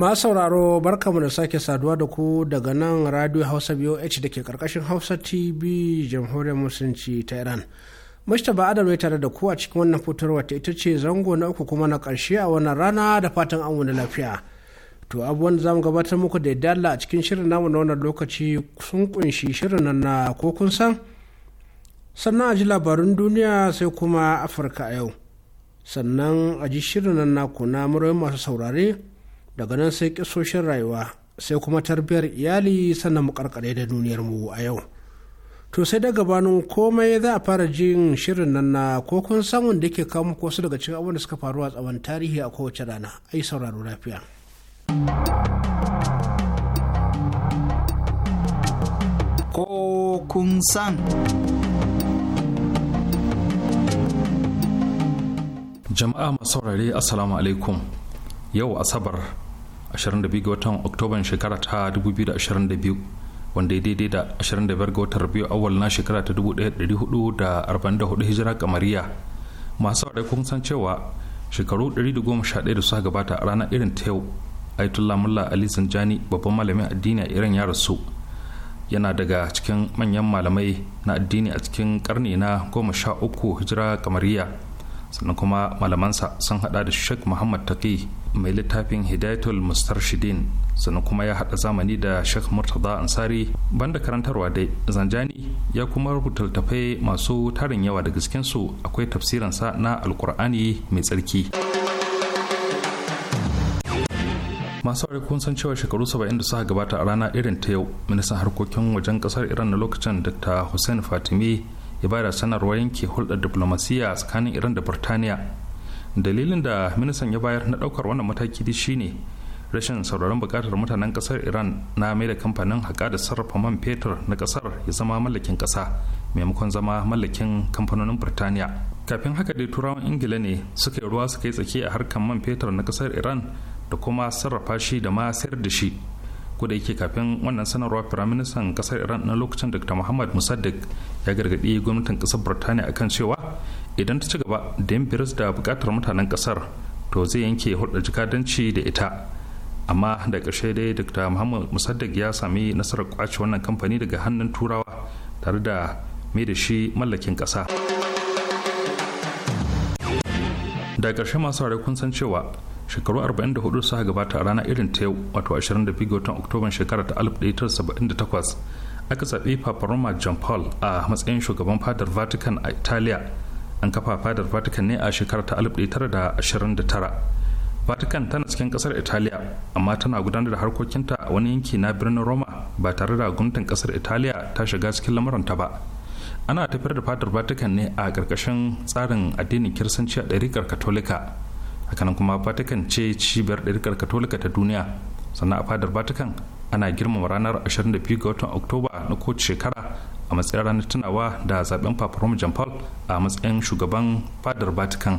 ma sauraro barkamu da sake saduwa da ku daga nan radio hausa h da ke karkashin hausa tv jamhuriyar musulunci ta iran mashita ba ya tare da ku a cikin wannan fitarwa ta ita ce zango na uku kuma na karshe a wannan rana da fatan an wani lafiya to abubuwan da zamu gabatar muku da yadda a cikin shirin namu na wannan lokaci sun kunshi shirin nan na ko kun san sannan a ji labarun duniya sai kuma afirka a yau sannan a ji shirin nan na kuna muryoyin masu saurare daga nan sai kisoshin rayuwa sai kuma tarbiyar iyali sannan mu karkare da duniyar mu a yau to sai da gabanin komai za a fara jin shirin nan na ko kun san wanda yake kawo muku wasu daga cikin abubuwan da suka faru a tsawon tarihi a kowace rana ai sauraro lafiya ko kun san jama'a masaurare assalamu alaikum yau asabar 22 ga watan oktoban shekara ta 2022 wanda ya daidai da 25 ga watan biyu awal na shekara ta 1444 hijira kamariya masu aure kun san cewa shekaru 111 da suka gabata a ranar irin ta yau aitullah mulla ali zanjani babban malamin addini a iran ya rasu yana daga cikin manyan malamai na addini a cikin karni na 13 hijira kamariya sannan kuma malamansa sun hada da sheikh muhammad taqi mai littafin hidayatul mustarshidin sannan kuma ya haɗa zamani da sheikh murtaza ansari banda karantarwa dai zanjani ya kuma rubuta littafai masu tarin yawa da gaskensu akwai tafsiransa na alkur'ani mai tsarki masu aure kun san cewa shekaru saba'in da suka gabata a rana irin ta yau ministan harkokin wajen kasar iran na lokacin da ta hussein fatimi ya bada sanarwar yanke hulɗar diplomasiya tsakanin iran da burtaniya dalilin da ministan ya bayar na daukar wannan mataki da shine rashin sauraron bukatar mutanen kasar iran na mai da kamfanin haƙa da sarrafa man fetur na kasar ya zama mallakin kasa maimakon zama mallakin kamfanonin birtaniya kafin haka dai turawan ingila ne suka yi ruwa suka yi tsaki a harkar man fetur na kasar iran da kuma sarrafa shi da ma sayar da shi ko da yake kafin wannan sanarwa firaministan kasar iran na lokacin dr muhammad musaddiq ya gargaɗi gwamnatin kasar burtaniya akan cewa idan ta ci gaba da yin biris da buƙatar mutanen kasar to zai yanke hulɗar jikadanci da ita amma da ƙarshe dai dr muhammad musaddiq ya sami nasarar kwace wannan kamfani daga hannun turawa tare da mai da shi mallakin ƙasa da ƙarshe masu kun san cewa shekaru 44 suka gabata a rana irin ta yau wato 22 ga watan oktoban shekarar ta 1978 aka zaɓi papa roma john paul a matsayin shugaban fadar vatican a italiya an kafa fadar vatican ne a shekarar ta 1929 vatican tana cikin ƙasar italiya amma tana gudanar da harkokinta a wani yanki na birnin roma ba tare da gwamnatin ƙasar italiya ta shiga cikin lamuranta ba ana tafiyar da fadar vatican ne a ƙarƙashin tsarin addinin kirsanci a ɗarikar katolika hakanan kuma vatican ce cibiyar ɗarikar katolika ta duniya sannan a fadar vatican ana girmama ranar 22 ga watan oktoba na kowace shekara a matsayin ranar tunawa da zaben papa roma paul a matsayin shugaban fadar vatican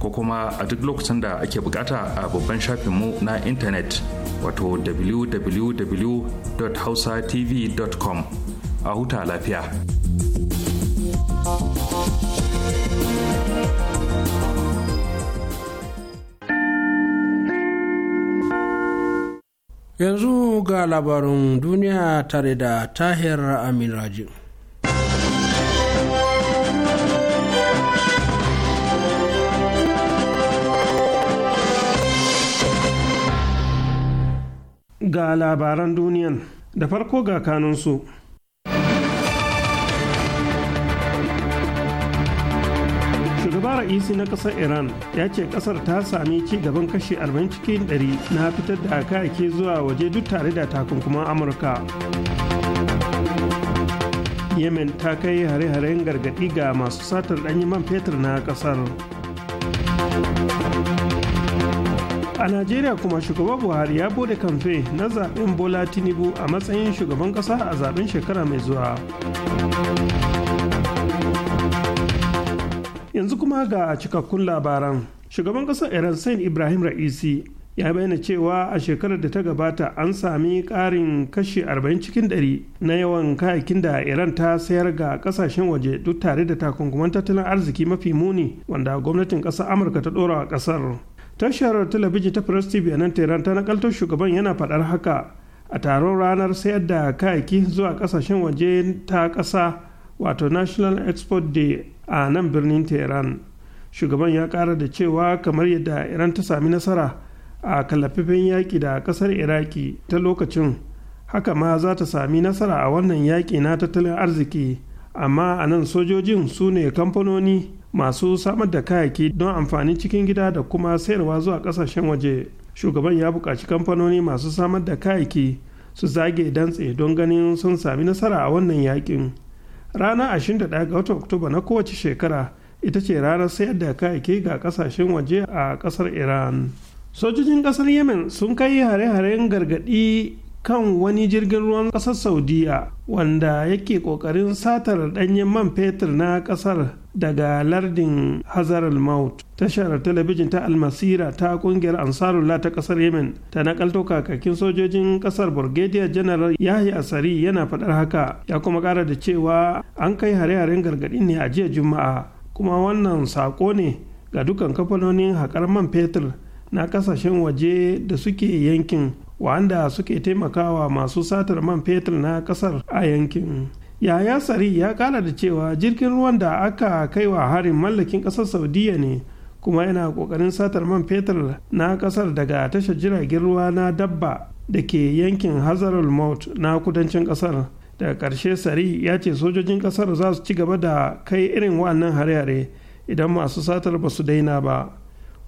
ko kuma a duk lokacin da ake bukata a babban shafinmu na intanet wato www.hausatv.com a huta lafiya. Yanzu ga labarin duniya tare da Tahir Amin Rajin. ga labaran duniyan da farko ga kanunsu. shugaba ra'isi na kasar iran ya ce kasar ta sami ci gaban kashe 40 cikin 100 na fitar da kayayyaki zuwa waje duk tare da takunkuman amurka yemen ta kai hare-haren gargadi ga masu satar ɗanyi man fetur na ƙasar a najeriya kuma shugaba buhari ya bude kamfe na zaben bola tinubu a matsayin shugaban kasa a zaben shekara mai zuwa yanzu kuma ga cikakkun labaran shugaban kasa iran sain ibrahim ra'isi ya bayyana cewa a shekarar da ta gabata an sami karin kashi 40 cikin 100 na yawan kayakin da iran ta sayar ga kasashen waje duk tare da takunkuman tattalin arziki mafi muni wanda gwamnatin kasar amurka ta dora a kasar tashar talabijin ta press tv a nan tehran ta nakaltar shugaban yana fadar haka a taron ranar sayar da kayaki zuwa kasashen waje ta ƙasa wato national export day a nan birnin tehran shugaban ya ƙara da cewa kamar yadda iran ta sami nasara a kallafafin yaƙi da ƙasar iraki ta lokacin haka ma za ta sami nasara a wannan yaƙi na tattalin arziki amma a nan sojojin su ne kamfanoni masu samar da kayaki don amfani cikin gida da kuma sayarwa zuwa kasashen waje shugaban ya buƙaci kamfanoni masu samar da kayaki su zage dantse don ganin sun sami nasara a wannan yakin rana 21 ga watan oktoba na kowace shekara ita ce ranar sayar da kayaki ga kasashen waje a kasar iran sojojin kasar yemen sun kai hare-haren gargadi kan wani jirgin ruwan kasar saudiya wanda yake kokarin satar danyen man fetur na kasar daga lardin hazarar maut tashar talabijin ta almasira ta kungiyar ansarullah ta kasar yemen ta nakalto kakakin sojojin kasar burgadiya janar yahya asari yana faɗar haka ya kuma ƙara da cewa an kai hare-haren gargaɗi ne a jiya juma'a kuma wannan saƙo ne ga dukkan kafanonin haƙar man fetur na kasashen waje da suke yankin wanda suke taimakawa masu satar man fetur na ƙasar a yankin. yaya sari ya kara da cewa jirgin ruwan da aka kai wa harin mallakin kasar saudiya ne kuma yana kokarin satar man fetur na kasar daga tashar jiragen ruwa na dabba da ke yankin hazarul maut na kudancin kasar daga karshe sari ya ce sojojin kasar za su ci gaba da kai irin wannan hare-hare idan masu satar ba su daina ba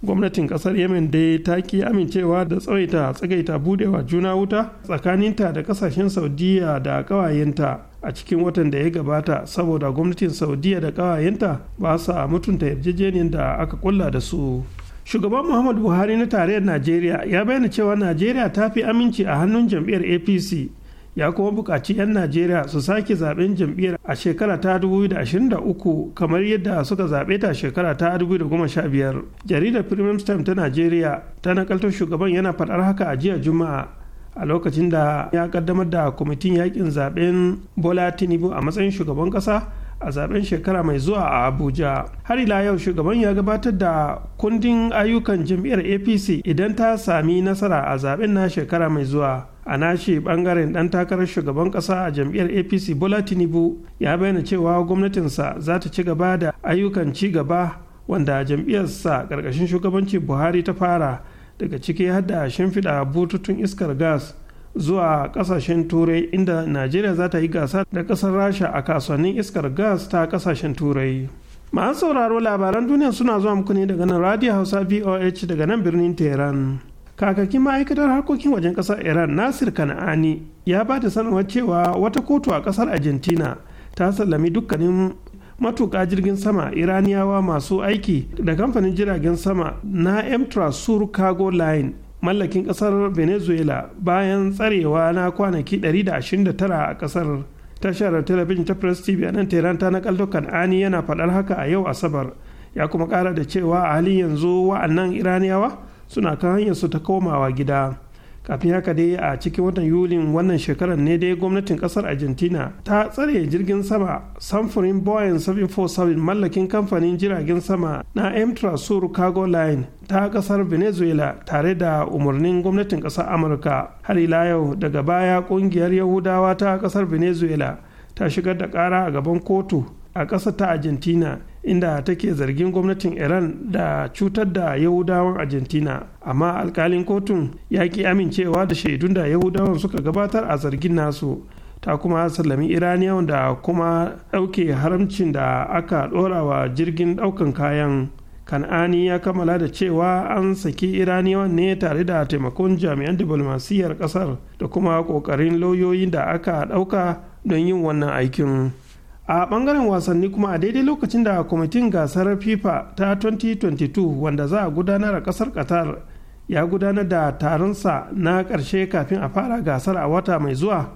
gwamnatin kasar yemen dai ta ki amincewa da tsawaita tsagaita budewa juna wuta tsakaninta da kasashen saudiya da kawayenta a cikin watan da ya gabata saboda gwamnatin saudiya da kawayenta ba sa mutunta yarjejeniyar da aka kulla da su shugaban muhammadu buhari na tarayyar najeriya ya bayyana cewa najeriya ta fi aminci a hannun jam'iyyar apc ya kuma buƙaci 'yan najeriya su sake zaben jam'iyyar a shekara ta 2023 kamar yadda suka zaɓe ta shekara ta 2015 jaridar premium time ta najeriya ta nakaltar shugaban yana faɗar haka a jiya juma'a a lokacin da ya kaddamar da kwamitin yakin zaben bola tinubu a matsayin shugaban ƙasa a zaben shekara mai zuwa a abuja har ila yau shugaban ya gabatar da kundin ayyukan jam'iyyar apc idan ta sami nasara a zaben na shekara mai zuwa a nashi bangaren dan takarar shugaban kasa a jam'iyyar apc bola tinubu ya bayyana cewa gwamnatinsa za ta ci gaba da ayyukan ci gaba wanda jam'iyyarsa ƙarƙashin shugabanci buhari ta fara daga ciki har da shimfiɗa bututun iskar gas zuwa kasashen turai inda najeriya za ta yi gasa da kasar rasha a kasuwannin iskar gas ta kasashen turai masu sauraro labaran duniya suna zuwa muku ne daga nan radio hausa voh daga nan birnin tehran kakakin ma'aikatar harkokin wajen kasar iran nasir kana'ani ya ba da sanarwar cewa wata kotu a kasar argentina ta sallami dukkanin matuƙa jirgin sama iraniyawa masu aiki da kamfanin jiragen sama na amtrak sur cargo line mallakin kasar venezuela bayan tsarewa na kwanaki 129 a kasar tashar talabijin ta press tv a nan tehran ta dukkan ani yana faɗar haka a yau asabar ya kuma ƙara da cewa a halin yanzu wa'annan iraniyawa suna kan hanyar su ta komawa gida kafin haka dai a cikin watan yuli wannan shekarar ne dai gwamnatin kasar argentina ta tsare jirgin sama samfurin boeing 747 mallakin kamfanin jiragen sama na amtrasur cargo line ta kasar venezuela tare da umarnin gwamnatin kasar amurka har ila yau daga baya kungiyar yahudawa ta kasar venezuela ta shigar da kara a gaban kotu a kasar ta argentina inda take zargin gwamnatin iran da cutar da yahudawan argentina amma alkalin kotun ya ki amincewa da shaidun da yahudawan suka gabatar a zargin nasu ta kuma sallami iraniyawan da kuma ɗauke haramcin da aka ɗorawa jirgin ɗaukan kayan kan'ani ya kammala da cewa an saki iraniyawan ne tare da taimakon jami'an diplomasiyyar ƙasar da kuma ƙoƙarin lauyoyin da aka ɗauka don yin wannan aikin. a bangaren wasanni kuma a daidai lokacin da kwamitin gasar fifa ta 2022 wanda za a gudanar a kasar qatar ya gudanar da taronsa na ƙarshe kafin a fara gasar a wata mai zuwa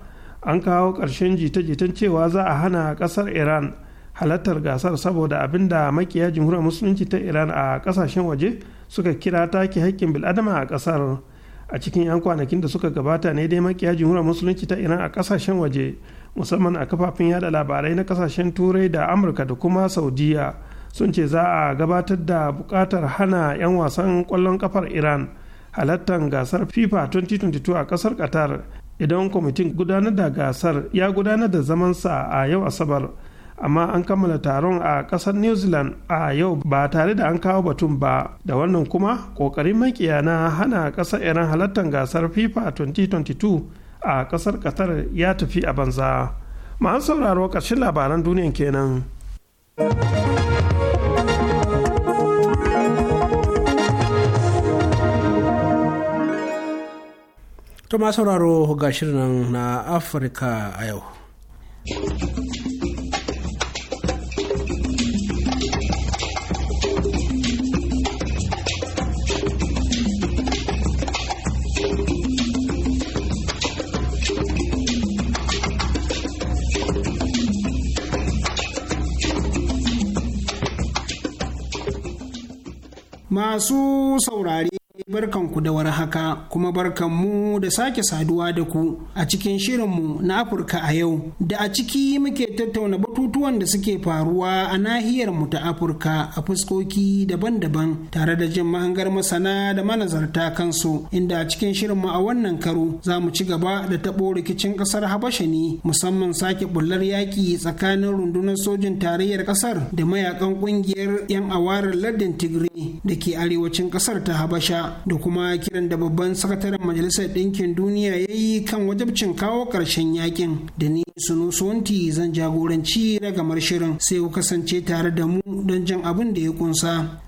an kawo ƙarshen jita-jitan cewa za a hana ƙasar iran halartar gasar saboda abin da makiya jamhuriyar musulunci ta iran a ƙasashen waje suka kira take haƙƙin bil'adama a ƙasar. a cikin 'yan kwanakin da suka gabata ne dai makiya jimhuriyar musulunci ta iran a kasashen waje musamman a kafafun yada labarai na kasashen turai da amurka da kuma saudiya sun ce za a gabatar da bukatar hana 'yan wasan kwallon kafar iran halattar gasar fifa 2022 a kasar qatar idan kwamitin gudanar da gasar ya gudanar da zamansa a yau asabar amma an kammala taron a ƙasar new zealand a yau ba tare da an kawo batun ba da wannan kuma ƙoƙarin makiya na hana ƙasar iran halartar gasar fifa 2022 a ƙasar qatar ya tafi a banza an sauraro ƙarshen labaran duniyan kenan. To ma sauraro ga shirin na Afirka a yau. Masu saurare Barkanku da war haka kuma barkanmu da sake saduwa da ku a cikin shirin mu na Afirka a yau da a ciki muke tattauna batutuwan da suke faruwa a nahiyar mu ta Afirka a fuskoki daban-daban tare da jin mahangar masana da manazarta kansu inda a cikin shirin mu a wannan karo za mu ci gaba da tabo rikicin kasar Habasha ne musamman sake bullar yaki tsakanin rundunar sojin tarayyar kasar da mayakan kungiyar 'yan awarar lardin Tigray da ke arewacin kasar ta Habasha da kuma kiran da babban sakataren majalisar ɗinkin duniya ya yi kan wajabcin kawo ƙarshen yakin da ni sunu sonti zan jagoranci ragamar shirin sai ku kasance tare da mu don jan abin da ya kunsa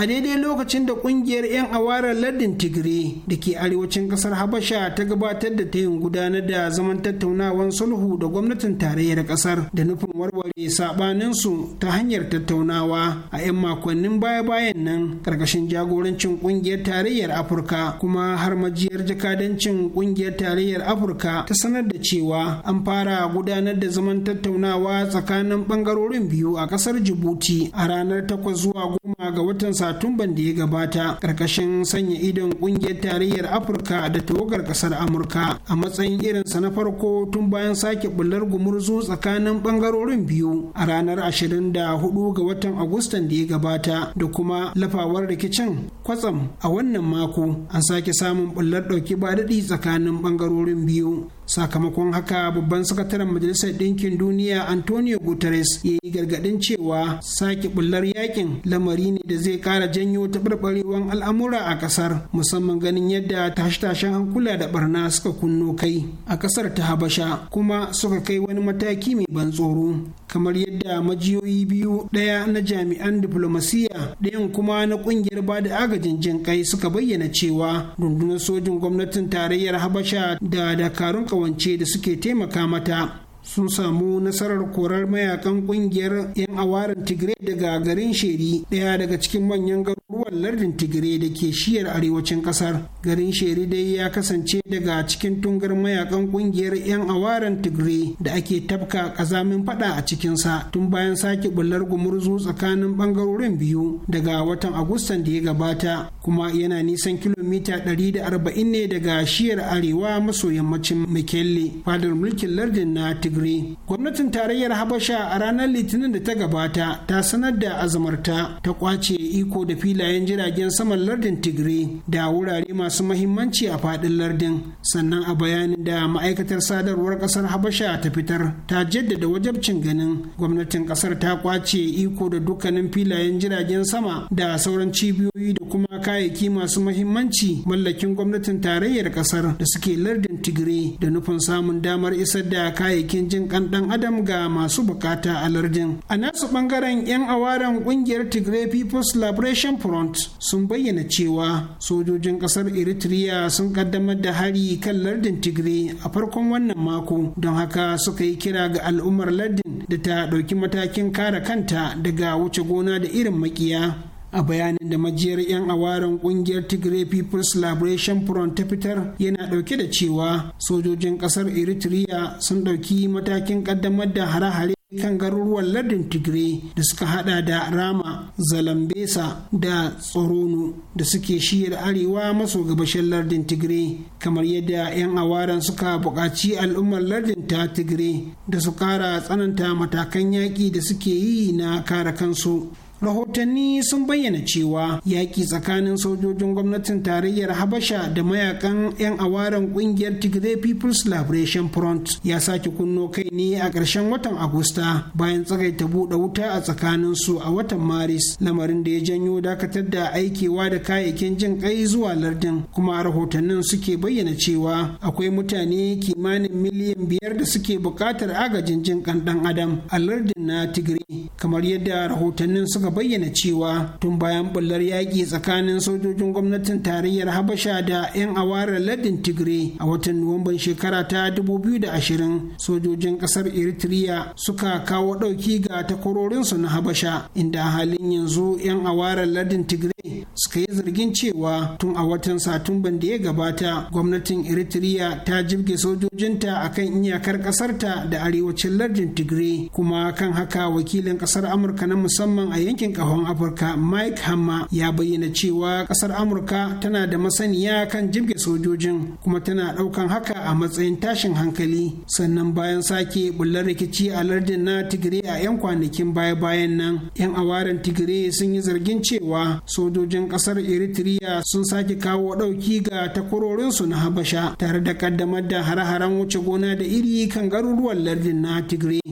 a daidai lokacin da kungiyar 'yan awarar lardin tigre da ke arewacin kasar habasha ta gabatar da ta tayin gudanar da zaman tattaunawar sulhu da gwamnatin tarayyar kasar da nufin warware sabaninsu ta hanyar tattaunawa a 'yan makonnin baya-bayan nan karkashin jagorancin kungiyar tarayyar afirka kuma har majiyar jakadancin kungiyar tarayyar afirka ta sanar da cewa an fara gudanar da zaman tattaunawa tsakanin bangarorin biyu a kasar jibuti a ranar 8 zuwa 10 ga watan satumban da ya gabata ƙarƙashin sanya idon ƙungiyar tarayyar afirka da tawagar ƙasar amurka a matsayin irinsa na farko tun bayan sake bullar gumurzu tsakanin ɓangarorin biyu a ranar 24 ga watan agustan da ya gabata da kuma lafawar rikicin kwatsam a wannan mako an sake samun bullar ɗauki ba daɗi tsakanin ɓangarorin biyu sakamakon haka babban sakataren majalisar ɗinkin duniya antonio guterres ya yi gargaɗin cewa sake bullar yakin lamari ne da zai ƙara janyo taɓarɓarewar al'amura a ƙasar musamman ganin yadda tashe-tashen hankula da barna suka kunno kai a ƙasar ta habasha kuma suka kai wani mataki mai ban tsoro kamar yadda majiyoyi biyu ɗaya na jami'an diflomasiyya ɗayan kuma na ƙungiyar ba da agajin jinƙai suka bayyana cewa rundunar sojin gwamnatin tarayyar habasha da dakarun kawance da suke taimaka mata sun samu nasarar korar mayakan kungiyar 'yan awarin tigray daga garin sheri daya daga cikin manyan garuruwan lardin tigray da ke shiyar arewacin kasar garin sheri dai ya kasance daga cikin tungar mayakan kungiyar 'yan awarin tigray da ake tabka kazamin fada a cikinsa tun bayan sake bullar gumurzu tsakanin bangarorin biyu daga watan agustan da ya gabata kuma yana nisan kilomita 140 ne daga shiyar arewa maso yammacin mikelle fadar mulkin lardin na tigray Gwamnatin tarayyar Habasha a ranar Litinin da ta gabata ta sanar da azamarta ta kwace iko da filayen jiragen saman lardin Tigray da wurare masu mahimmanci a faɗin lardin. Sannan a bayanin da ma'aikatar sadarwar ƙasar Habasha ta fitar ta jaddada wajabcin ganin gwamnatin ƙasar ta kwace iko da dukkanin filayen jiragen sama da sauran cibiyoyi da kuma kayayyaki masu mahimmanci mallakin gwamnatin tarayyar ƙasar da suke lardin Tigray da nufin samun damar isar da kayayyakin aikin jin kan dan adam ga masu bukata a lardin a nasu bangaren yan awaren kungiyar tigray people's liberation front sun bayyana cewa sojojin kasar eritrea sun kaddamar da hari kan lardin tigray a farkon wannan mako don haka suka yi kira ga al'ummar lardin da ta ɗauki matakin kare kanta daga wuce gona da irin makiya a bayanin da majiyar 'yan awaren kungiyar tigray people's liberation front ta fitar yana dauke da cewa sojojin kasar eritrea sun dauki matakin kaddamar da hare-hare kan garuruwan lardin tigray da suka hada da rama zalambesa da tsoronu da suke shiyar arewa maso gabashin lardin tigray kamar yadda 'yan awaran suka buƙaci al'ummar lardin ta tigray da su ƙara tsananta matakan yaƙi da suke yi na kara kansu rahotanni sun bayyana cewa yaƙi tsakanin sojojin gwamnatin tarayyar habasha da mayakan 'yan awaren ƙungiyar tigray people's liberation front ya sake kunno kai ne a ƙarshen watan agusta bayan tsagaita buɗe wuta a tsakanin su a watan maris lamarin da ya janyo dakatar da aikewa da kayayyakin jin kai zuwa lardin kuma rahotannin suke bayyana cewa akwai mutane kimanin miliyan biyar da suke buƙatar agajin jin kan ɗan adam a lardin na tigray kamar yadda rahotannin suka suka bayyana cewa tun bayan bullar yaƙi tsakanin sojojin gwamnatin tarayyar habasha da 'yan awarar ladin tigre a watan nuwamban shekara ta 2020 sojojin ƙasar eritrea suka kawo ɗauki ga takwarorinsu na habasha inda halin yanzu 'yan awarar ladin tigre suka yi zargin cewa tun a watan satumban da ya gabata gwamnatin eritrea ta jibge sojojinta a kan iyakar ƙasarta da arewacin lardin tigre kuma kan haka wakilin ƙasar amurka na musamman a yankin yankin kahon afirka mike hamma ya bayyana cewa kasar amurka tana da masaniya kan jibge sojojin kuma tana daukan haka a matsayin tashin hankali sannan bayan sake bullar rikici a lardin na tigire a 'yan kwanakin baya-bayan nan 'yan awaren tigire sun yi zargin cewa sojojin kasar eritrea sun sake kawo dauki ga takwarorinsu na habasha tare da kaddamar da hare-haren wuce gona da iri kan garuruwan lardin na tigray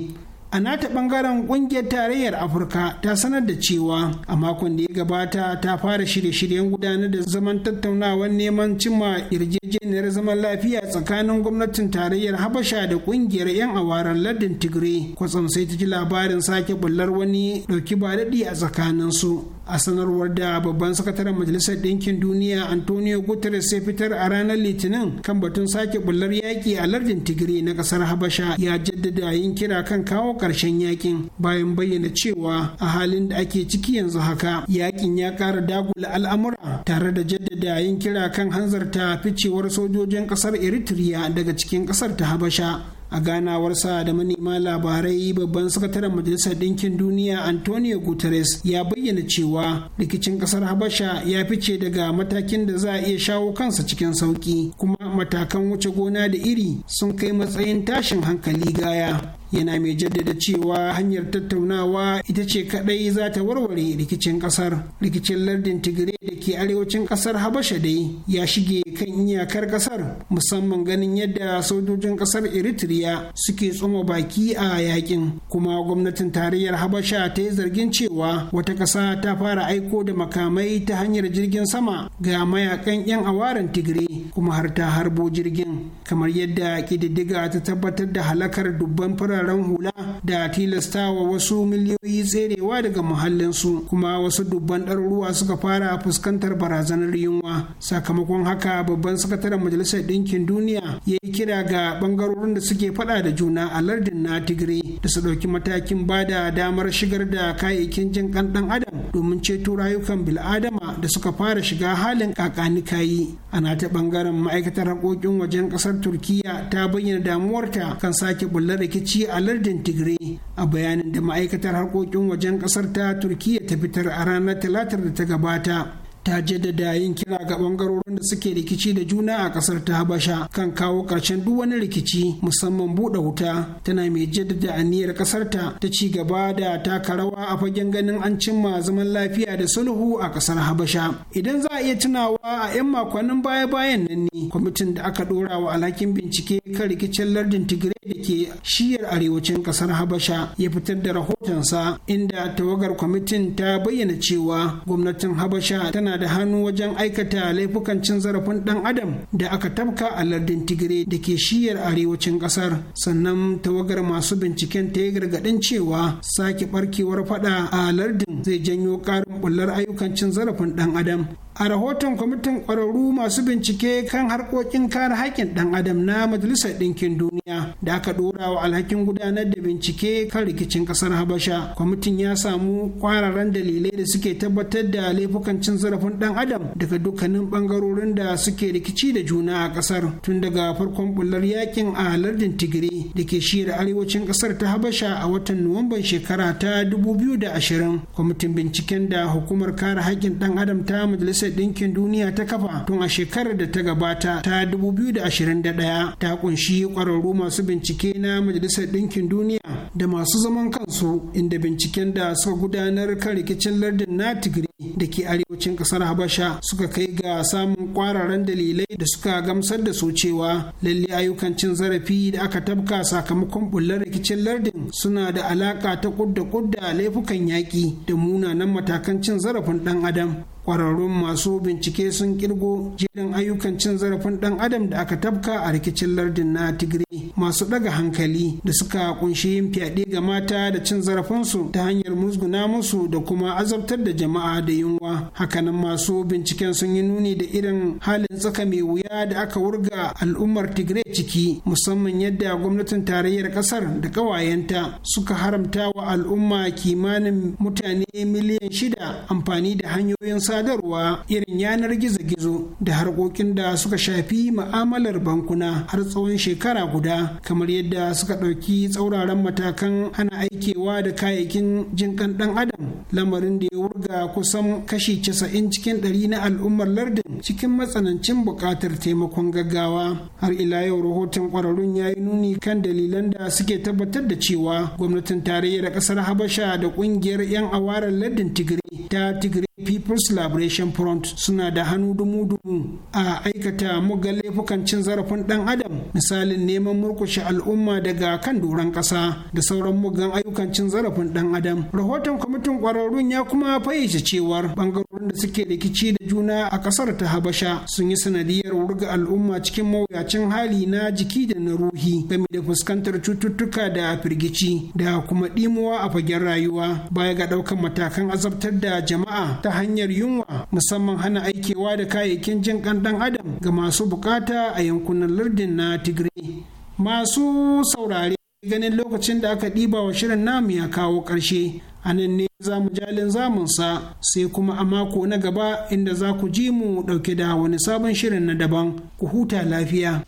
a nata bangaren kungiyar tarayyar afirka ta sanar da cewa a makon da ya gabata ta fara shirye-shiryen gudanar da zaman tattaunawar neman cimma yarjejeniyar zaman lafiya tsakanin gwamnatin tarayyar habasha da kungiyar yan awaran lardin tigray kwatsam sai ta ji labarin sake bullar wani dauki ba daɗi a tsakaninsu a sanarwar da babban sakataren majalisar ɗinkin duniya antonio guterres sai fitar a ranar litinin kan batun sake bullar yaƙi a lardin tigiri na ƙasar habasha ya jaddada yin kira kan kawo ƙarshen yaƙin bayan bayyana cewa a halin da ake ciki yanzu haka yaƙin ya ƙara dagula al'amura tare da jaddada yin kira kan hanzarta ficewar sojojin ƙasar eritrea daga cikin ƙasar ta habasha a ganawarsa da manema labarai babban sakataren majalisar ɗinkin duniya antonio guterres ya bayyana cewa rikicin ƙasar habasha ya fice daga matakin da za a iya shawo kansa cikin sauƙi kuma matakan wuce gona da iri sun kai matsayin tashin hankali gaya yana mai jaddada cewa hanyar tattaunawa ita ce kadai za ta warware rikicin kasar rikicin lardin tigire da ke arewacin kasar habasha dai ya shige kan iyakar kasar musamman ganin yadda sojojin kasar eritrea suke tsoma baki a yakin kuma gwamnatin tarayyar habasha ta yi zargin cewa wata kasa ta fara aiko da makamai ta hanyar jirgin sama ga mayakan yan awaren tigire kuma har ta harbo jirgin kamar yadda ƙididdiga ta tabbatar da halakar dubban fara wuraren hula da tilastawa wasu miliyoyi tserewa daga muhallinsu kuma wasu dubban ɗaruruwa suka fara fuskantar barazanar yunwa sakamakon haka babban sakataren majalisar ɗinkin duniya ya yi kira ga ɓangarorin da suke faɗa da juna a lardin na tigray da su ɗauki matakin ba da damar shigar da kayayyakin jin ƙanɗan adam domin ceto rayukan bil'adama da suka fara shiga halin kakanikayi ana ta bangaren ma'aikatar harkokin wajen ƙasar turkiya ta bayyana damuwarta kan sake bulla rikici a lardin tigray a bayanin da ma'aikatar harkokin wajen ƙasar ta turkiya ta fitar a ranar talatar da ta gabata ta jaddada yin kira ga bangarorin da suke rikici da juna a kasar ta habasha kan kawo ƙarshen duk wani rikici musamman buɗe wuta tana mai jaddada aniyar kasar ta ta ci gaba da taka rawa a fagen ganin an cimma zaman lafiya da sulhu a kasar habasha idan za a iya tunawa a 'yan makonnin baya-bayan nan ne kwamitin da aka ɗora wa alhakin bincike kan rikicin lardin tigray da ke shiyar arewacin kasar habasha ya fitar da rahotonsa inda tawagar kwamitin ta bayyana cewa gwamnatin habasha tana tana da hannu wajen aikata laifukan cin zarafin ɗan adam da aka tabka a lardin tigire da ke shiyar arewacin ƙasar sannan tawagar masu binciken ta yi gargaɗin cewa sake barkewar fada a lardin zai janyo ƙarin bullar ayyukan cin zarafin ɗan adam a rahoton kwamitin ƙwararru masu bincike kan harkokin kare haƙƙin ɗan adam na majalisar ɗinkin duniya da aka ɗora wa alhakin gudanar da bincike kan rikicin ƙasar habasha kwamitin ya samu ƙwararren dalilai da suke tabbatar da laifukan cin zarafin ɗan adam daga dukkanin ɓangarorin da suke rikici da juna a ƙasar tun daga farkon bullar yakin a lardin tigiri da ke shira arewacin ƙasar ta habasha a watan nuwamban shekara ta 2020 kwamitin binciken da hukumar kare haƙƙin ɗan adam ta majalisar majalisar ɗinkin duniya ta kafa tun a shekarar da ta gabata ta 2021 ta kunshi ƙwararru masu bincike na majalisar ɗinkin duniya da masu zaman kansu inda binciken da suka gudanar kan rikicin lardin na tigiri da ke arewacin kasar habasha suka kai ga samun kwararan dalilai da suka gamsar da su cewa lalle ayyukan cin zarafi da aka tabka sakamakon bullar rikicin lardin suna da alaka ta kudda kudda laifukan yaƙi da munanan matakan cin zarafin ɗan adam kwararrun masu bincike sun kirgo jerin ayyukan cin zarafin dan adam da aka tabka a rikicin lardin na tigray masu daga hankali da suka kunshi yin fyaɗe ga mata da cin zarafinsu ta hanyar musguna musu da kuma azabtar da jama'a da yunwa hakanan masu binciken sun yi nuni da irin halin tsaka mai wuya da aka wurga al'ummar tigray ciki musamman yadda gwamnatin tarayyar kasar da kawayenta, suka haramta wa al'umma kimanin mutane miliyan shida amfani da hanyoyin sadarwa irin yanar gizo-gizo da harkokin da suka shafi ma'amalar bankuna har tsawon shekara guda kamar yadda suka ɗauki tsauraran matakan ana aikewa da kayayyakin jinkan ɗan adam lamarin da ya wurga kusa kusan kashi casa'in cikin ɗari na al'ummar lardin cikin matsanancin buƙatar taimakon gaggawa har ila yau rahoton ƙwararrun ya yi nuni kan dalilan da suke tabbatar da cewa gwamnatin tarayyar ƙasar habasha da ƙungiyar 'yan awarar lardin tigiri ta tigiri People's Liberation Front suna da hannu dumu-dumu a aikata muga laifukan cin zarafin ɗan adam misalin neman murkushe al'umma daga kan doron ƙasa da sauran mugan ayyukan cin zarafin ɗan adam. Rahoton kwamitin ƙwararrun ya kuma fayyace cewar ɓangarorin da suke rikici da juna a ƙasar ta Habasha sun yi sanadiyar wurga al'umma cikin mawuyacin hali na jiki da na ruhi game da fuskantar cututtuka da firgici da kuma ɗimuwa a fagen rayuwa baya ga ɗaukar matakan azabtar da jama'a ta hanyar yunwa musamman hana aikewa da kayayyakin jin kan dan adam ga masu bukata a yankunan lardin na tigray masu saurare ganin lokacin da aka ɗiba wa shirin namu ya kawo ƙarshe a nan ne za mu jalin zamunsa sai kuma a mako na gaba inda za ku ji mu ɗauke da wani sabon shirin na daban ku huta lafiya.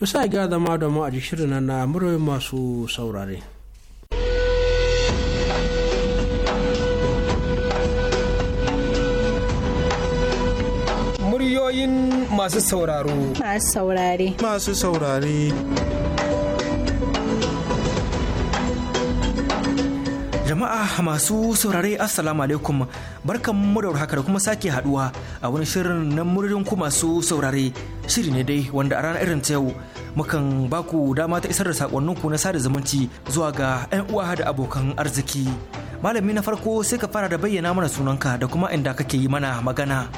to sai ga zama da mu a shirin na murai masu saurare muryoyin masu sauraro masu saurare masu saurare Jama'a masu saurare Assalamu alaikum barkan mu da warhaka da kuma sake haduwa a wani shirin na muririn ku masu saurare shiri ne dai wanda a ranar irin ta yau mukan baku dama ta isar da sakonnin ku na sada zumunci zuwa ga 'yan uwa da abokan arziki. Malami na farko sai ka fara da bayyana mana sunanka da kuma inda kake yi mana magana.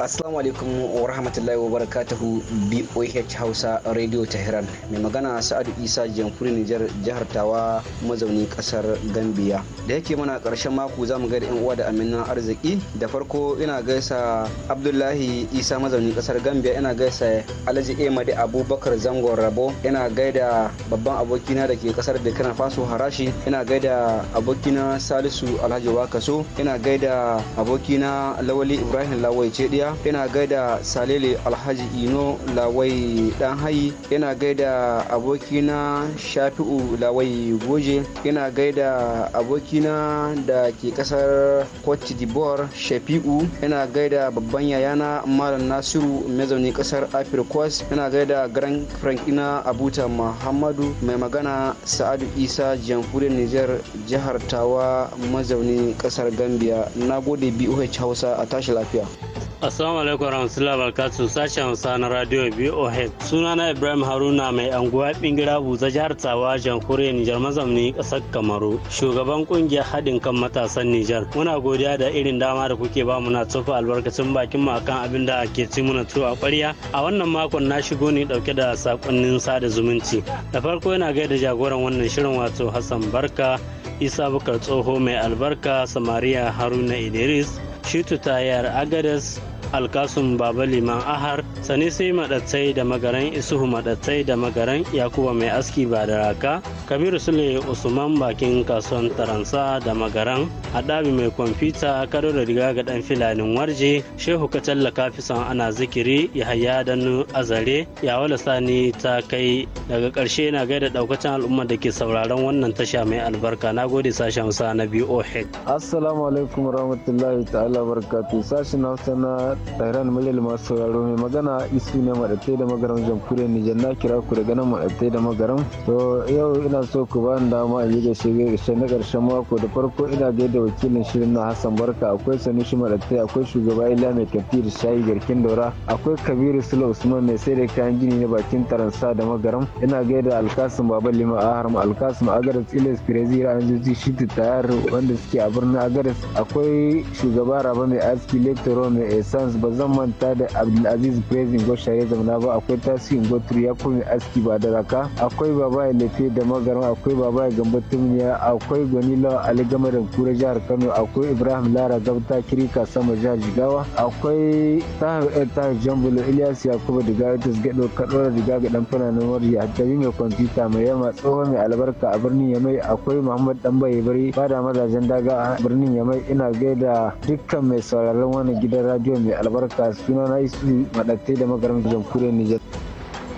Assalamu alaikum wa rahmatullahi wa barakatuhu BOH Hausa Radio Tehran. Mai magana Sa'adu Isa Jamhuriyar Nijar jihar Tawa mazaunin kasar Gambia. Da yake mana karshen mako zamu ga yan uwa da amina arziki. Da farko ina gaisa Abdullahi Isa mazaunin kasar Gambia ina gaisa Alhaji Emadi Abubakar Zangon Rabo ina gaida babban abokina da ke kasar Burkina Faso Harashi ina gaida abokina Salisu Alhaji Wakaso ina gaida abokina Lawali Ibrahim Lawai Cediya yana gaida Salele Alhaji Ino Lawai Dan Hayi yana gaida abokina Shafi'u Lawai Goje yana gaida abokina da ke kasar Cote d'Ivoire Shafi'u yana gaida babban yayana Malam Nasiru mazauni kasar Afirkos yana gaida Grand Frankina Abuta Muhammadu mai magana Sa'adu Isa jamhuriyar Nijar jihar Tawa mazaunin kasar Gambia na gode BOH Hausa a tashi lafiya. Assalamu alaikum warahmatullahi wabarakatuh sashen Hausa na radio BOH. na Ibrahim Haruna mai anguwa Bingira Buza jihar Tsawa jamhuriyar Nijar mazamni kasar Kamaru. Shugaban kungiyar haɗin kan matasan Nijar. Muna godiya da irin dama da kuke ba muna tsofa albarkacin bakin mu akan abin da ake ci muna tuwo a ƙwarya. A wannan makon na shigo ne dauke da sakonnin sada zumunci. Da farko yana gaida jagoran wannan shirin wato Hassan Barka, Isa Bukar Tsoho mai albarka, Samariya Haruna Idris, Shitu Tayar Agadas, alkasun baba liman ahar sani sai madatsai da magaran isuhu madatsai da magaran yakuba mai aski ba da raka kabiru sule usman bakin kasuwan taransa da magaran adabi mai kwamfuta kado da riga ga dan filanin warje shehu kacalla kafisan ana zikiri yahaya danu azare ya yawala sani ta kai daga ƙarshe na gaida ɗaukacin al'ummar da ke sauraron wannan tasha mai albarka na gode sashen sa na biyu ohe assalamu alaikum rahmatullahi ta'ala barkatu sashen hausa na Iran muryar masu sauraro mai magana isu ne maɗatai da magaran jamhuriyar Nijar na kira ku daga nan maɗatai da magaran. To yau ina so ku ba dama a yi gaishe gaishe na ƙarshen mako da farko ina gaida wakilin shirin na Hassan Barka akwai Sanusi maɗatai akwai shugaba Ila mai kafir shayi garkin daura akwai Kabiru Sula Usman mai sai da kayan gini na bakin taransa da magaran. ina gaida Alkasim Baba Lima Aharam Alkasim Agaras Ilis Firezi Ra'anjoji Shitu Tayar wanda suke a birnin Agaras akwai shugaba Raba mai aski Lektoro mai Esan Tabbas ba zan manta da Abdulaziz Brazil Gosha ya zamana ba akwai Tasi Ngoturi ya kuma aski ba da raka akwai Baba Lefe da Magaran akwai Baba Gambo akwai Gwanilawa, Ali Gamarin Kura jihar Kano akwai Ibrahim Lara Gabta Kirika Sama jihar Jigawa akwai Tahir El eh, Tahir Jambulo Ilyas Yakubu da Gaitus Gado Kadora da Gaga Dan Fana Nomar ya mai kwamfuta mai yamma tsohon mai albarka a birnin Yamai akwai Muhammad Dambaye Bari da mazajen daga a birnin Yamai ina gaida dukkan mai sauraron wani gidan radio mai albarka sunana isu maɗattai da magaram jamhuriyar Nijar.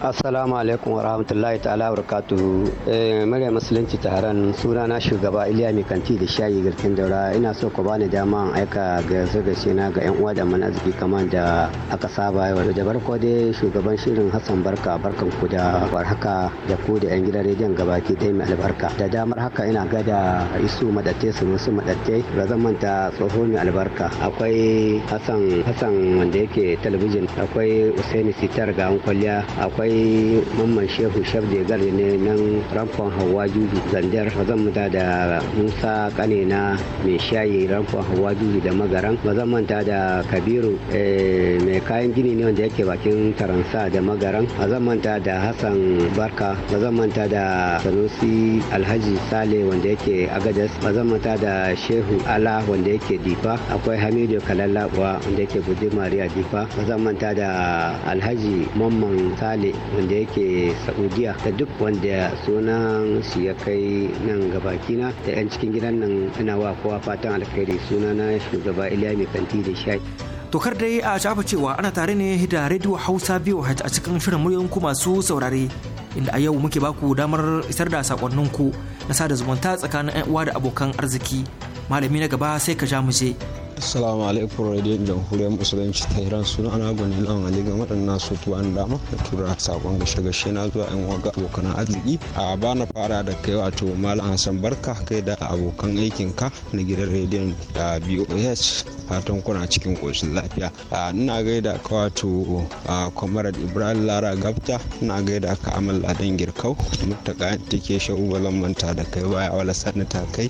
assalamu alaikum rahmatullahi ta'ala barakatuhu eh, murya musulunci taron suna na shugaba iliya mai kanti da shayi girkin daura ina so ku bani dama in aika ga gaishe na ga yan uwa da mana arziki kamar da aka saba yau da barko dai shugaban shirin hassan barka barkan ku da haka da ku da yan gidan rediyon gabaki dai mai albarka da damar haka ina gada isu madatte su musu madatte ba zan manta tsoho mai albarka akwai hassan hassan wanda yake talabijin akwai usaini sitar ga an kwalliya akwai akwai mamman shehu shef gari ne nan ramfon hawa juju zandar ba zan manta da musa kane na mai shayi ramfon hawa juju da magaran ba zan manta da kabiru eh, mai kayan gini ne wanda yake bakin taransa da magaran ba zan manta da hassan barka ba zan manta da sanusi alhaji sale wanda yake agadas ba zan manta da shehu ala wanda yake difa akwai hamidu kalalla wanda yake budi mariya difa ba zan manta da alhaji mamman sale wanda yake saudiya da duk wanda sunan shi ya kai nan gabakina da 'yan cikin gidan nan ina wa kowa fatan alkhairi na shugaba iliya mai kanti da shaki Tokar dai a shafa cewa ana tare ne da Radio Hausa biyu a cikin shirin muryoyin ku masu saurare inda a yau muke baku damar isar da ku na sada zumunta tsakanin 'yan uwa da abokan arziki. Malami na gaba sai ka ja mu je. Assalamu alaikum radiyon jamhuriyar musulunci ta Iran suna ana gwani lawan Ali ga waɗannan su na dama da tura sakon gashe gashe na zuwa yan waga abokan arziki a bana fara da kai wato malam Hassan Barka kai da abokan aikin ka na gidan rediyon da bos fatan kuna cikin koshin lafiya ina gaida ka wato Comrade Ibrahim Lara Gafta ina gaida ka Amal Ladan Girkau mutaka take shau manta da kai baya wala sanata kai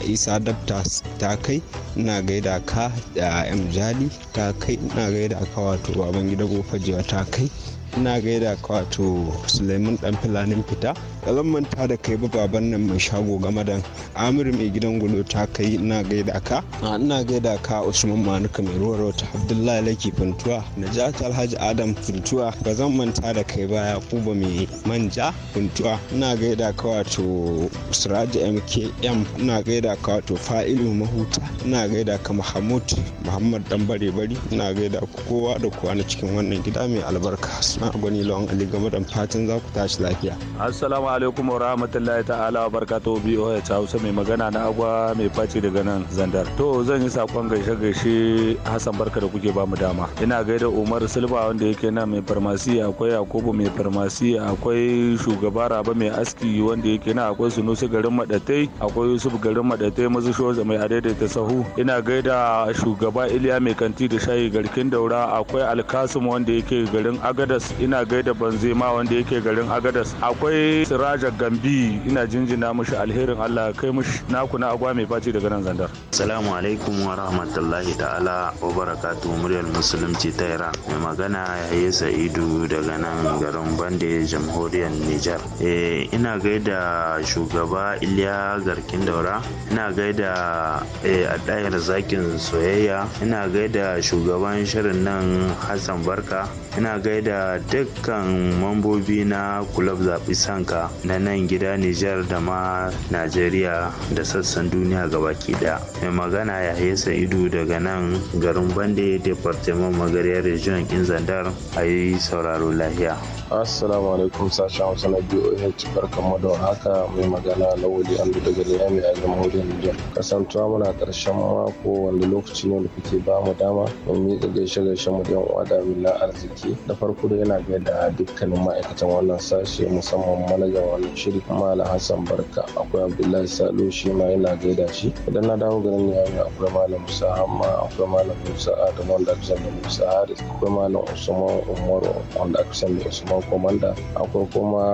Isa Dabta ta kai ina gaida ka da m jali ta kai ina gaida aka wato baban ko gofajewa ta kai ina gaida ka wato suleiman dan filanin fita kalan manta da kai baban nan mai shago game da amir mai gidan gudu ta kai ina gaida ka ina gaida ka usman manuka mai ruwa rota abdullahi laki na jihar alhaji adam fintuwa ba zan manta da kai ba yakuba mai manja fintuwa ina gaida ka wato siraji mkm ina gaida ka wato fa'ilu mahuta ina gaida ka mahamud muhammad dan bare bari ina gaida kowa da kowa na cikin wannan gida mai albarka suna gwani lawan ali game da fatan za ku tashi lafiya assalamu alaikum wa rahmatullahi ta'ala wa barakatuhu boh hausa mai magana na agwa mai faci daga nan zandar to zan yi sakon gaishe gaishe hassan barka da kuke ba mu dama ina gaida umar silva wanda yake nan mai farmasi akwai yakubu mai farmasi akwai shugaba raba mai aski wanda yake nan akwai sunusi garin madatai akwai yusuf garin madatai mazu shoza mai ta sahu ina gaida shugaba iliya mai kanti da shayi garkin daura akwai alkasum wanda yake garin agadas ina gaida banzema wanda yake garin agadas akwai siraja gambi ina jinjina mushi alherin allah kai mushi naku na agwa mai faci daga nan zandar salamu alaikum wa rahmatullahi ta'ala wa barakatu muryar musulunci ta iran mai magana yayi sa'idu daga nan garin bande jamhuriyar nijar eh, ina gaida shugaba iliya garkin daura ina gaida eh, a ɗayar zakin soyayya ina gaida shugaban shirin nan hassan barka ina gaida dukkan mambobi na kulab zaɓi sanka na nan gida Nijar da ma Najeriya da sassan duniya gabaki ɗaya. Mai magana ya hesa ido daga nan garin Bande Departement Magariyar Region zandar a yi sauraro lahiya. Assalamu alaikum sashen Hausa na BOH ma. da haka mai magana Lawali An daga Niamey a jamhuriyar Nijar. Kasantuwa muna karshen mako wanda lokaci ne da kuke ba mu dama mu miƙa gaishe gaishe mu don uwa da na arziki. Da farko da yana gaida da dukkanin ma'aikatan wannan sashe musamman manajan wannan shiri Malam Hassan Barka akwai Abdullahi Salo shi ma yana gaida shi. Idan na dawo garin Niamey akwai Malam Musa Hamma akwai Malam Musa Adamu wanda aka da Musa Haris akwai Malam Usman Umaru wanda aka da Usman babban komanda akwai kuma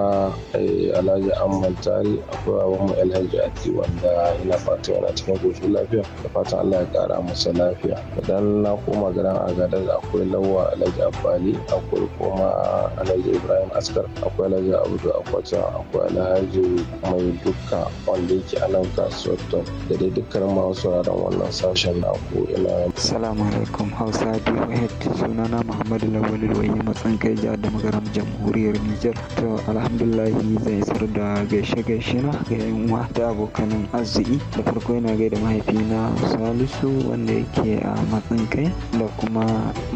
eh, alhaji amman tari akwai baban mu alhaji ati wanda yana fata yana cikin koshin lafiya da fatan allah ya kara masa lafiya idan na koma garin agadar akwai lawa alhaji abbali akwai kuma alhaji ibrahim askar akwai alhaji abudu akwacha akwai alhaji mai duka wanda yake a nan kasuwar da dai dukkanin masu sauraron wannan sashen na ku ina salamu alaikum hausa duhet sunana muhammadu lawal wani matsan kai jihar da magaram jamhuriyar nijar to alhamdulahi zai isar da gaishe gaishe na ga yan uwa da abokanan arziki da farko yana gaida mahaifina salisu wanda yake a matsan kai da kuma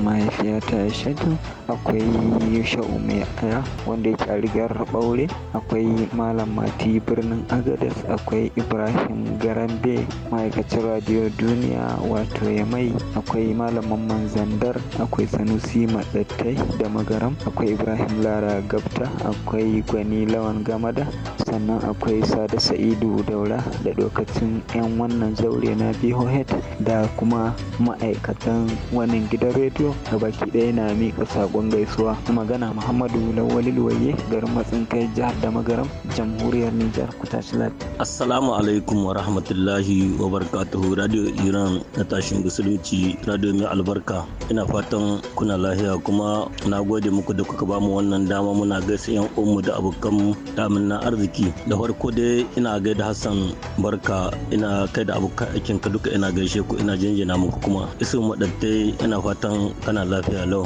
mahaifiyata shatu akwai sha'u mai aya wanda yake a rigar ɓaure akwai Malam Mati birnin agadas akwai Ibrahim Garambe ma'aikacin Radio Duniya wato Yamai akwai Malam Mamman Zandar akwai Sanusi maɗattai da Magaram akwai Ibrahim Lara Gabta akwai Gwani Lawan Gamada sannan akwai Sada Sa'idu Daura da lokacin 'yan wannan zaure na bihohet da kuma ma'aikatan wannan gidan rediyo da ɗaya na miƙa saƙon sakon gaisuwa magana Muhammadu Lawali Luwaye garin matsin kai jihar magaram jamhuriyar Nijar ku tashi lafiya. Assalamu alaikum wa rahmatullahi wa barakatuhu Radio Iran na tashin musulunci Radio Mai Albarka ina fatan kuna lafiya kuma na gode muku da kuka bamu wannan dama muna gaisa yan ummu da abokan damin na arziki da farko dai ina gaida Hassan Barka ina kai da abokan aikin ka duka ina gaishe ku ina jinjina muku kuma isu madattai ina fatan kana lafiya lau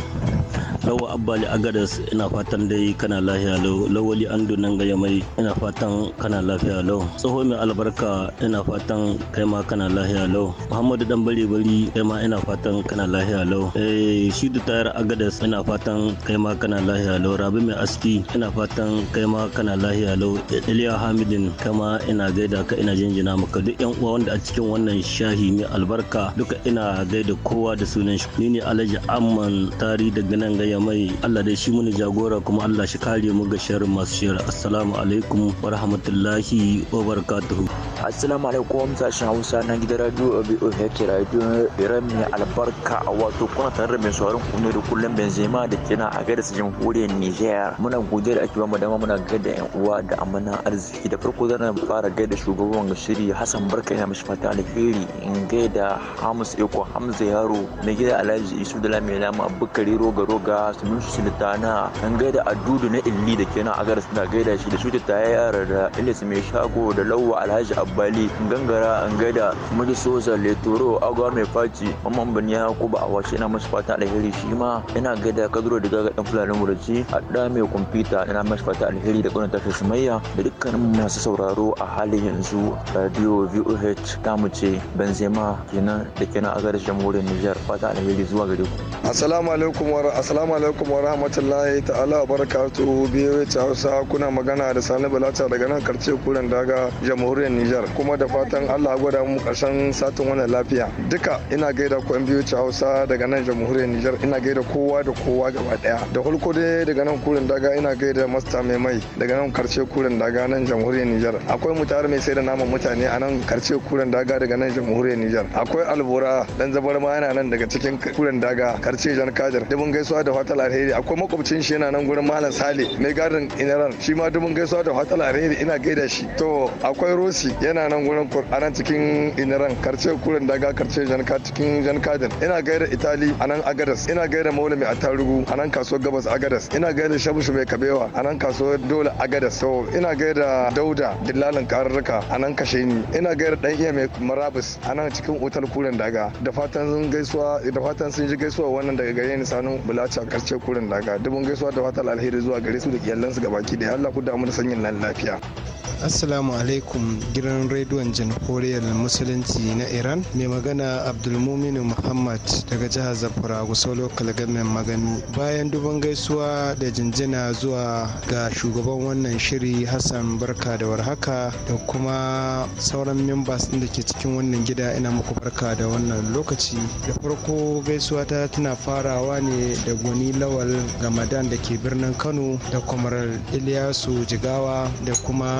lawa abbali agadas ina fatan dai kana lafiya lau lawali ando nan gaya mai ina fatan kana lafiya lau tsoho mai albarka ina fatan kai ma kana lafiya lau muhammadu dan bari bari kai ma ina fatan kana lafiya lau eh shi da tayar agadas ina fatan kai ma kana lafiya lau rabi mai aski ina fatan kai ma kana lafiya lau iliya hamidin kama ina gaida ka ina jinjina maka duk yan uwa wanda a cikin wannan shahi mai albarka duka ina gaida kowa da sunan shi ni ne alhaji amman tari daga nan gaya ya mai Allah dai shi muni jagora kuma Allah shi kare mu ga sharrin masu shirya assalamu alaikum wa rahmatullahi wa barakatuhu assalamu alaikum sashen hausa na gidan radio obo hake radio iran mai albarka wato kuna tare da mai sauran kuno da kullum benzema da kina a gaida sashen koriyar niger muna gode da ake bamu dama muna gaida yan uwa da amana arziki da farko zan fara gaida shugaban shiri hassan barka ya mashi fata alheri in gaida hamus eko hamza yaro na gida alhaji isu da lamina ma bukari roga roga gaida sunusu silitana an gaida adudu na illi da ke nan agaras suna gaida shi da shuta ta yara da ilis mai shago da lauwa alhaji abbali gangara an gaida mudi soza letoro agwa mai faci mamman bani ya ko ba a washe na masu fata alheri shi ma ina gaida kaduro da gaga dan fulani murci a da mai kwamfuta ina masu fata alheri da kwanan tashi sumayya da dukkanin masu sauraro a halin yanzu radio voh ta mu ce benzema kenan da kenan agaras jamhuriyar niger fata alheri zuwa gare ku assalamu alaikum wa assalamu alaikum wa rahmatullahi ta'ala wa barakatuhu biyu ta Hausa kuna magana da Sani Balata daga nan karce kuren daga jamhuriyar niger kuma da fatan Allah gwada mu karshen satin wannan lafiya. Duka ina gaida ku biyu ta Hausa daga nan jamhuriyar niger ina gaida kowa da kowa gaba daya. Da hulko dai daga nan kuren daga ina gaida Masta Mai Mai daga nan karce kuren daga nan jamhuriyar niger Akwai mutare mai sai da naman mutane a nan karce kuren daga daga nan jamhuriyar niger Akwai albura dan zabar ma yana nan daga cikin kuren daga karce Jan Kajar. Dubin gaisuwa da fatan alheri akwai makwabcin shi yana nan gurin malam sale mai garin inaran shi ma dubin gaisuwa da fatan alheri ina gaida shi to akwai rosi yana nan gurin anan cikin inaran karce kurin daga karce janka cikin jankadin ina gaida itali anan agadas ina gaida maula mai attarugu anan kasuwar gabas agadas ina gaida shabushu mai kabewa anan kasuwar dole agadas to ina gaida dauda dillalin karurruka anan kashe ni ina gaida dan iya mai marabus anan cikin otal kurin daga da fatan sun gaisuwa da fatan sun ji gaisuwa wannan daga gare ni sanu bulacha karshe kurin daga dubin gaisuwa da fatan alheri zuwa gare su da iyalansu gabaki da Allah ku da mu da sanyin nan lafiya Assalamu alaikum gidan rediyon jamhuriyar musulunci na Iran mai magana Abdulmumin Muhammad daga jihar Zafura Gusau Local Government Magani bayan dubin gaisuwa da jinjina zuwa ga shugaban wannan shiri Hassan Barka da warhaka da kuma sauran members da ke cikin wannan gida ina muku barka da wannan lokaci da farko gaisuwa ta tana farawa ne da gwani sani lawal gamadan da ke birnin kano da kwamarar iliyasu jigawa da kuma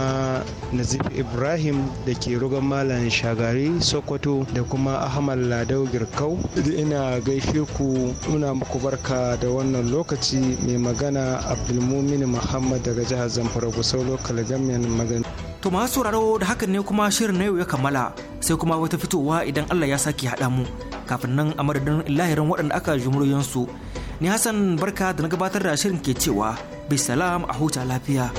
nazif ibrahim da ke rugan malam shagari sokoto da kuma ahmad ladau girkau ina gaishe ku muna muku barka da wannan lokaci mai magana abdulmumin muhammad daga jihar zamfara gusau lokal gamin magana To masu sauraro da hakan ne kuma shirin na yau ya kammala sai kuma wata fitowa idan Allah ya sake haɗa mu kafin nan a madadin lahirin waɗanda aka jumuriyansu ni hassan barka da na gabatar da shirin ke cewa bisalam a huta lafiya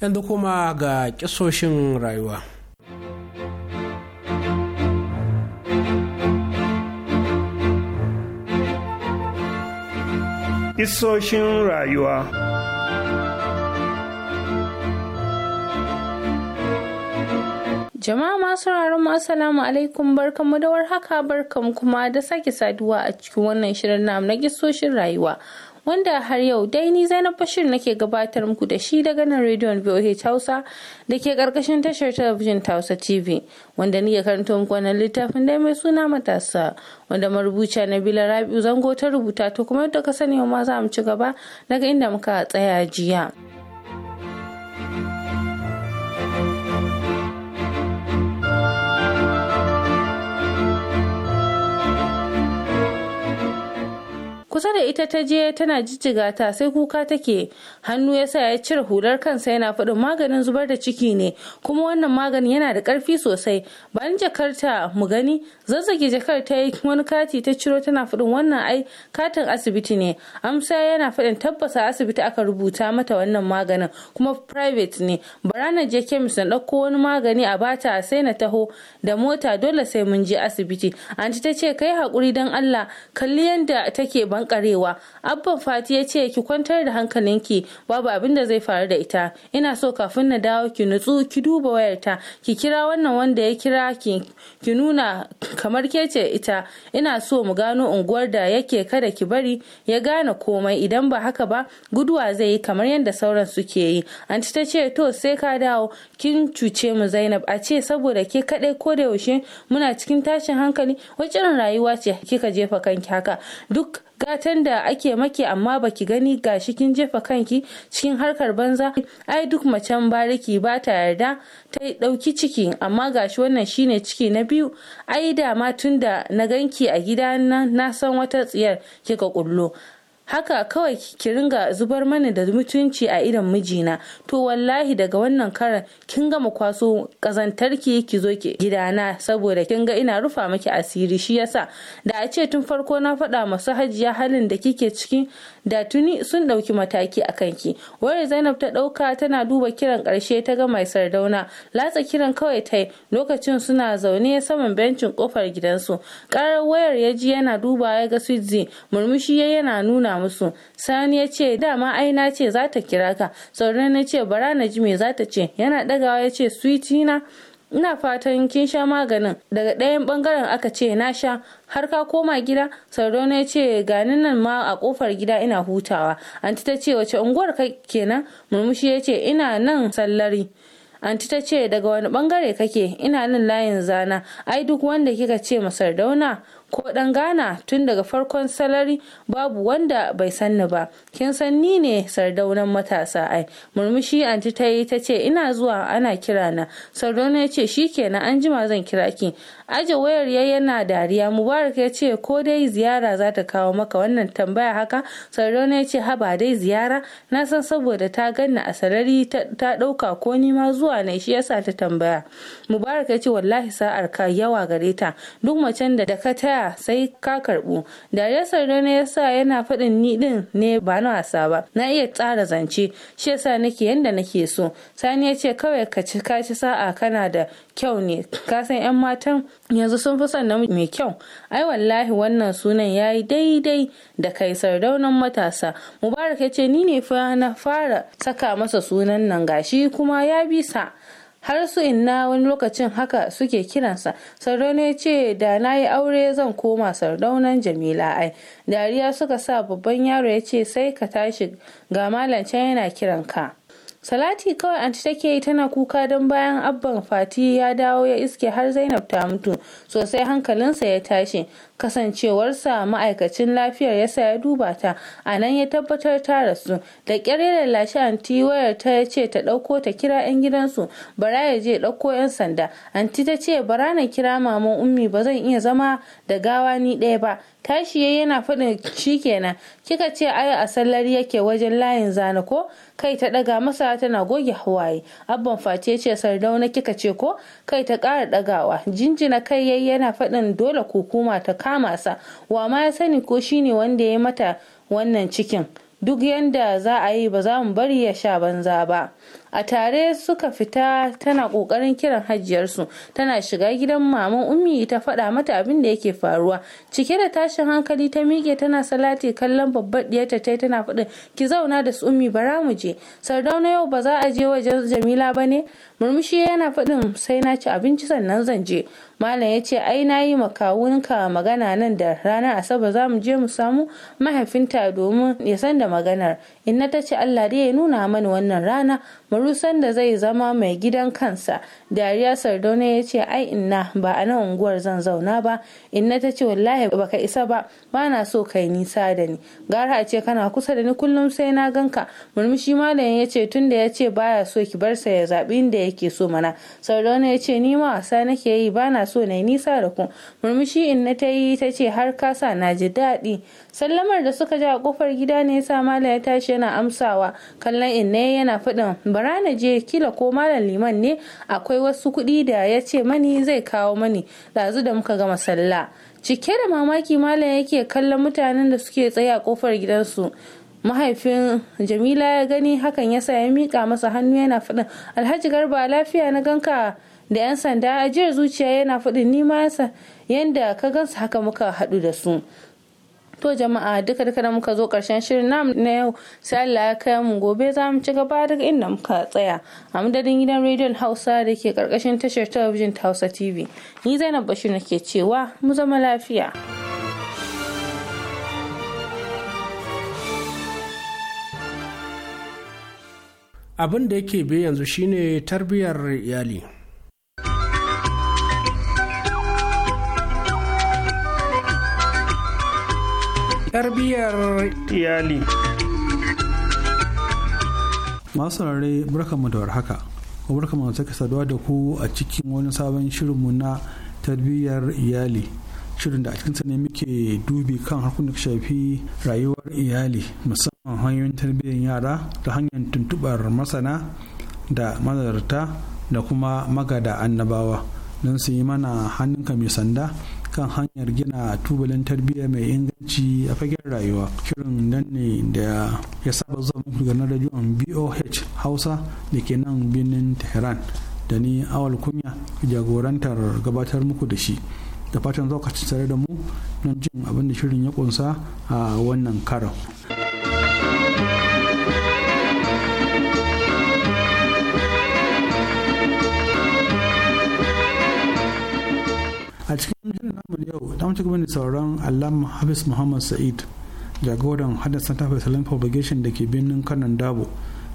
yanzu kuma ga kisoshin rayuwa Isoshin rayuwa Jama'a masu mu Assalamu alaikum barkanmu da warhaka barkan kuma da sake saduwa a cikin wannan shirin namu na gisoshin rayuwa wanda har yau dai ni Zainab Bashir nake gabatar muku da shi daga nan rediyon VOH Hausa da ke karkashin tashar talabijin ta Hausa TV wanda ni ya karanta muku wannan littafin dai mai suna matasa wanda marubuciya bila Rabi'u zango ta rubuta to kuma yadda ka sani ma za mu ci gaba daga inda muka tsaya jiya. kusa da ita ta je tana jijjiga ta sai kuka take hannu ya sa ya cire hular kansa yana faɗin maganin zubar da ciki ne kuma wannan magani yana da ƙarfi sosai bayan jakarta mu gani zazzage jakar ta yi wani kati ta ciro tana faɗin wannan ai katin asibiti ne amsa yana faɗin tabbasa asibiti aka rubuta mata wannan maganin kuma private ne bara je kemis na ɗauko wani magani a bata sai na taho da mota dole sai mun je asibiti anti ta ce kai haƙuri don allah kalli yadda take ba. karewa abban fati ya ce ki kwantar da hankalinki babu abin da zai faru da ita ina so kafin na dawo ki nutsu ki duba wayarta ki kira wannan wanda ya kira ki ki nuna kamar ke ce ita ina so mu gano unguwar da yake kada ki bari ya gane komai idan ba haka ba guduwa zai yi kamar yadda sauran suke yi anti ta ce to sai ka dawo kin cuce mu zainab a ce saboda ke kadai ko da yaushe muna cikin tashin hankali wacce rayuwa ce kika jefa kanki haka duk gatan da ake maki amma baki gani ga shi kin jefa kanki cikin harkar banza ai duk macen bariki ba ta yarda ta ɗauki ciki amma ga shi wannan shine ciki na biyu ai da ma tun da na ganki a gida na san wata tsiyar kika kullo haka kawai ki ringa zubar mani da mutunci a idan mijina to wallahi daga wannan karan kin gama kwaso kazantarki ki zo ki gidana saboda kin ga ina rufa miki asiri shi yasa da a ce tun farko na faɗa masu hajiya halin da kike ciki da tuni sun ɗauki mataki a kanki wayar zainab ta ɗauka tana duba kiran ƙarshe ta ga mai sardauna latsa kiran kawai ta lokacin suna zaune saman bencin kofar gidansu Karar wayar ya ji yana duba ya ga suizi murmushi ya yana nuna musu sani ya ce dama ai na ce za ta kira ka sauran na ce bara na ji me za ta ce yana ɗagawa ya ce suiti na ina fatan kin sha maganin daga ɗayan bangaren aka ce na sha har ka koma gida sardauna ya ce gani nan ma a kofar gida ina hutawa anti ta ce wace unguwar kenan murmushi ya ce ina nan sallari anti ta ce daga wani bangare kake ina nan layin zana ai duk wanda kika ce ma sardauna ko dan Ghana tun daga farkon salari babu wanda bai sanni ba kin san ni ne sardaunan matasa ai murmushi anti ta yi ta ce ina zuwa ana kira na sardauna ya ce shikenan an jima zan kira ki aje wayar ya yana dariya mubarak ya ce ko dai ziyara za ta kawo maka wannan tambaya haka sardauna ya ce haba dai ziyara na san saboda ta ganna a sarari ta ɗauka ko nima zuwa ne shi yasa ta tambaya mubarak ya ce wallahi sa'ar ka yawa gare ta duk macen da ka taya sai ka karɓu dariyar sardauna ya sa yana faɗin ni ɗin ne ba na wasa ba na iya tsara zance shi yasa nake yanda nake so sani ya ce kawai ka ci sa'a kana da kyau ne ka san 'yan matan yanzu sun fi son namiji mai kyau ai wallahi wannan sunan ya yi daidai da kai sardaunan matasa mubarak ya ce ni ne fa na fara saka masa sunan nan gashi kuma ya bisa har su inna wani lokacin haka suke kiransa sardauna ya ce da na yi aure zan koma sardaunan jamila ai dariya suka sa babban yaro ya ce sai ka tashi ga malam can yana kiranka Salati kawai anti take yi tana kuka don bayan abban Fati ya dawo ya iske har Zainab ta mutu sosai hankalinsa ya tashi kasancewarsa ma'aikacin lafiyar ya sa ya duba ta a nan ya tabbatar ta rasu da kyar ya lallashi anti wayar ta ya ce ta ɗauko ta kira 'yan gidansu bara ya je ɗauko 'yan sanda anti ta ce bara na kira maman ummi ba zan iya zama da gawa ni ɗaya ba tashi yana faɗin shikenan kika ce ai a sallari yake wajen layin zana ko kai ta daga masa tana goge hawaye abban face ce na kika ce ko kai ta kara dagawa jinjina kai yayi yana faɗin dole kukuma ta kama sa wa ma ya sani ko shine wanda ya mata wannan cikin duk yanda za a yi ba za mu bari ya sha banza ba a tare suka fita tana kokarin kiran hajiyarsu tana shiga gidan maman ummi ta faɗa mata abin da yake faruwa cike da tashin hankali ta miƙe tana salati kallon babbar ɗiyarta ta tana faɗin ki zauna da su ummi bara mu je sardauna yau ba za a je wajen jamila ba ne murmushi yana faɗin sai na ci abinci sannan zan je malam ya ce ai na yi makawunka magana nan da ranar asabar za mu je mu samu mahaifinta domin ya san da maganar inna ta ce allah dai ya nuna mani wannan rana marusan da zai zama mai gidan kansa dariya sardauna ya ce ai inna ba a nan unguwar zan zauna ba inna ta ce wallahi baka isa ba ba na so kai nisa da ni gara a ce kana kusa da ni kullum sai na ganka murmushi malam ya ce tunda ya ce baya so ki bar sa ya zaɓi inda yake so mana sardauna ya ce ni ma wasa nake yi ba na so na yi nisa da ku murmushi inna ta yi ta ce har kasa na ji daɗi sallamar da suka ja a kofar gida ne ya sa malam ya tashi yana amsawa kallon inne yana faɗin bara na je kila ko malam liman ne akwai wasu kuɗi da ya ce mani zai kawo mani ɗazu da muka gama sallah cike da mamaki malam yake kallon mutanen da suke tsaye a kofar gidansu mahaifin jamila ya gani hakan ya sa ya miƙa masa hannu yana faɗin alhaji garba lafiya na ganka da 'yan sanda ajiyar zuciya yana faɗin nima yanda ka gansu haka muka haɗu da su to jama'a duka duka da muka zo karshen shirin nam na yau sai Allah ya kai mu gobe za mu ci gaba daga inda muka tsaya a madadin gidan rediyon Hausa da ke karkashin tashar talabijin ta Hausa TV ni Zainab Bashir nake cewa mu zama lafiya. abin da yake bi yanzu shine tarbiyyar iyali tarbiyyar iyali masu rare barkanmu da warhaka barkanmu da sake saduwa da ku a cikin wani sabon shirin mu na tarbiyyar iyali shirin da a cikinsa ne muke dubi kan harkun da shafi rayuwar iyali musamman hanyoyin tarbiyyar yara ta hanyar tuntubar masana da mazarta da kuma magada annabawa don su yi mana ka mai sanda kan hanyar gina tubalin tarbiyya mai inganci a fagen rayuwa kirin nan ne da ya saba zuwa muku daga rajiyon boh hausa da ke nan birnin tehran da ni awal kunya jagorantar gabatar muku da shi da fatan za tare da mu don jin abin da shirin ya kunsa a wannan karan a cikin jin namu yau ta mutu gabanin sauran allah hafiz muhammad sa'id jagoran hada santa for propagation da ke birnin kanon dabo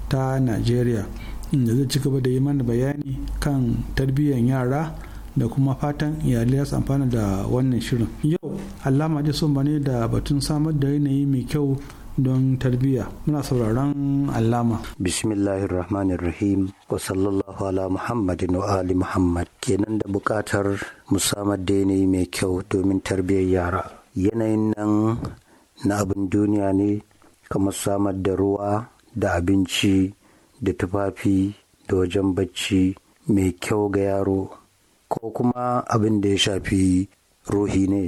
ta nigeria inda zai ci gaba da yi mana bayani kan tarbiyyar yara da kuma fatan iyalai su amfana da wannan shirin yau allama da sun bane da batun samar da yanayi mai kyau don tarbiyya muna sauraron allama bismillahir rahmanir rahim wa sallallahu ala muhammadin wa ali muhammad kenan da bukatar musamman yanayi mai kyau domin tarbiyyar yara yanayin nan na abin duniya ne kamar samar da ruwa da abinci da tufafi da wajen bacci mai kyau ga yaro ko kuma abin da ya shafi ruhi ne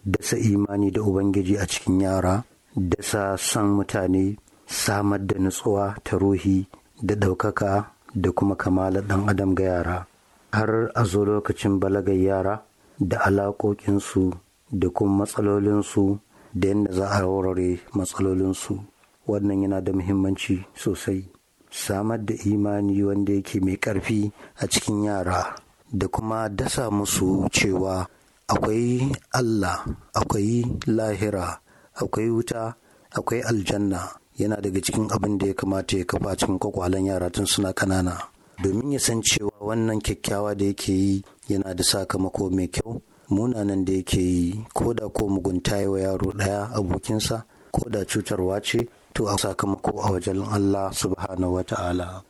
dasa imani da ubangiji a cikin yara Dasa sa san mutane samar da nutsuwa ta ruhi da ɗaukaka da kuma kamala ɗan adam ga yara har a zo lokacin balagar yara da alaƙoƙinsu da kuma matsalolinsu da yadda za a warware matsalolinsu wannan yana da muhimmanci sosai samar da imani wanda yake mai ƙarfi a cikin yara da kuma dasa musu cewa akwai Allah akwai lahira akwai wuta akwai aljanna yana daga cikin abin da ya kamata ya kafa cikin kwakwalen yara tun suna kanana domin ya san cewa wannan kyakkyawa da yake yi yana da sakamako mai kyau munanan da yake yi ko da ko mugunta yi wa yaro ɗaya abokinsa ko da cutarwa ce to a sakamako a wajen Allah subhanahu wa ta'ala.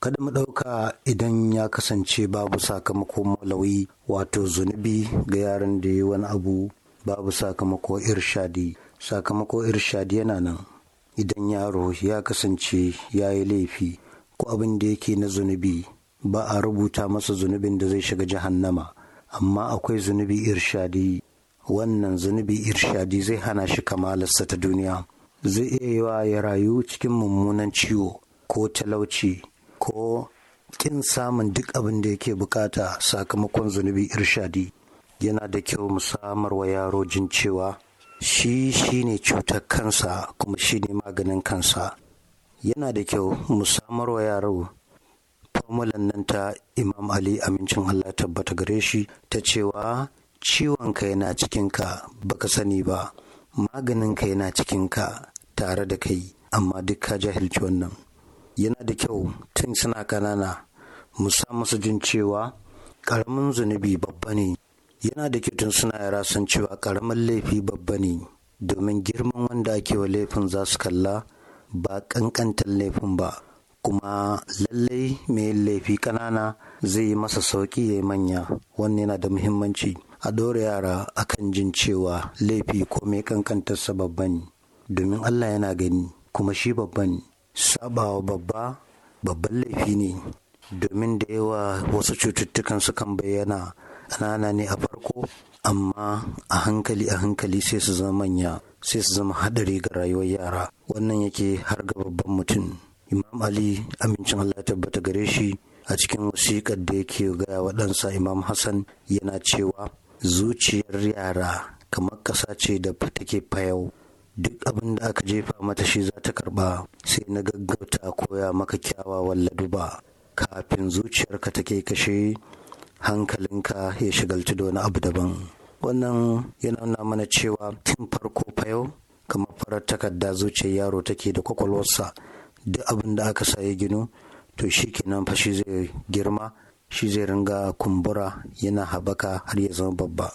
Kada mu ɗauka idan ya kasance babu sakamako malawi wato zunubi ga yaran da yi wani abu babu sakamako irshadi sakamako irshad yana nan idan yaro ya kasance ya yi laifi ko abin da yake na zunubi ba a rubuta masa zunubin da zai shiga jahannama amma akwai zunubi irshadi wannan zunubi irshadi zai hana shi kamalarsa ta duniya zai iya yiwa ya rayu cikin mummunan ciwo ko talauci ko kin samun duk abin da yake bukata sakamakon zunubi irshadi yana da kyau mu samar wa yaro jin cewa shi shi ne cutar kansa kuma shi ne maganin kansa yana da kyau mu samar wa yaro formulan nan ta imam ali amincin allah tabbata gare shi ta cewa ciwon ciwonka yana cikinka baka sani ba maganin maganinka yana cikinka tare da kai amma duk ka jahilci wannan yana da kyau tun suna kanana mu sa musu jin cewa karamin zunubi babba ne yana da kitun suna yara sun cewa karamin laifi babba ne domin girman wanda ake wa laifin za su kalla ba kankantar laifin ba kuma lallai mai laifi kanana zai yi masa sauki ya yi manya wannan yana da muhimmanci a ɗora yara akan jin cewa laifi ko mai sa babba ne domin allah yana gani kuma shi babba ne sabawa babba babban laifi ne domin da yawa wasu cututtukan sukan bayyana ƙanana ne a farko amma a hankali a hankali sai su zama manya sai su zama haɗari ga rayuwar yara wannan yake har ga babban mutum imam ali amincin allah ya tabbata gare shi a cikin wasiƙar da yake gaya wa ɗansa imam hassan yana cewa zuciyar yara kamar ƙasa ce da take fayau duk abin da aka jefa mata shi za ta karba sai na gaggauta koya maka kyawawan laduba kafin zuciyarka take kashe hankalinka ya shigalci da wani abu daban wannan ya nuna mana cewa tun farko fa yau kamar farar takarda zuciyar yaro take da kwakwalwarsa duk abin da aka sa ya ginu to shi kenan fa shi zai girma shi zai ringa kumbura yana habaka har ya zama babba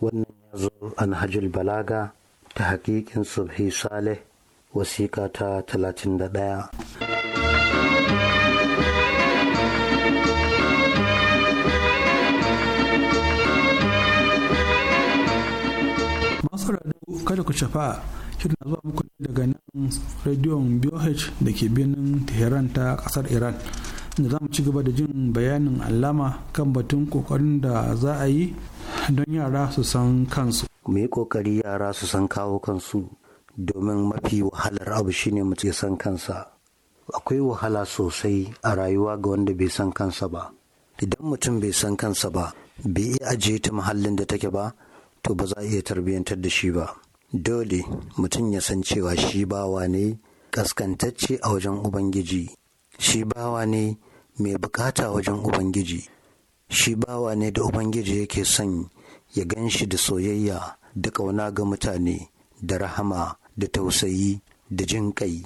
wannan ya zo hajjul balaga ta hakikin subhi saleh wasiƙa ta 31 masu kada ku shafa shirin zuwa muku daga nan rediyon BOH da ke birnin Tehran ta kasar Iran. da za mu ci gaba da jin bayanin alama kan batun kokarin da za a yi don yara su san kansu. Mu yi kokari yara su san kawo kansu domin mafi wahalar abu shine mu ce san kansa. Akwai wahala sosai a rayuwa ga wanda bai san kansa ba. Idan mutum bai san kansa ba, bai iya ajiye ta muhallin da take ba, to ba za a iya tarbiyyantar da shi ba dole mutum ya san cewa shi bawa ne kaskantacce a wajen ubangiji shi bawa ne mai bukata wajen ubangiji shi bawa ne da ubangiji yake son ya gan shi da soyayya da ƙauna ga mutane da rahama da tausayi da jin ƙai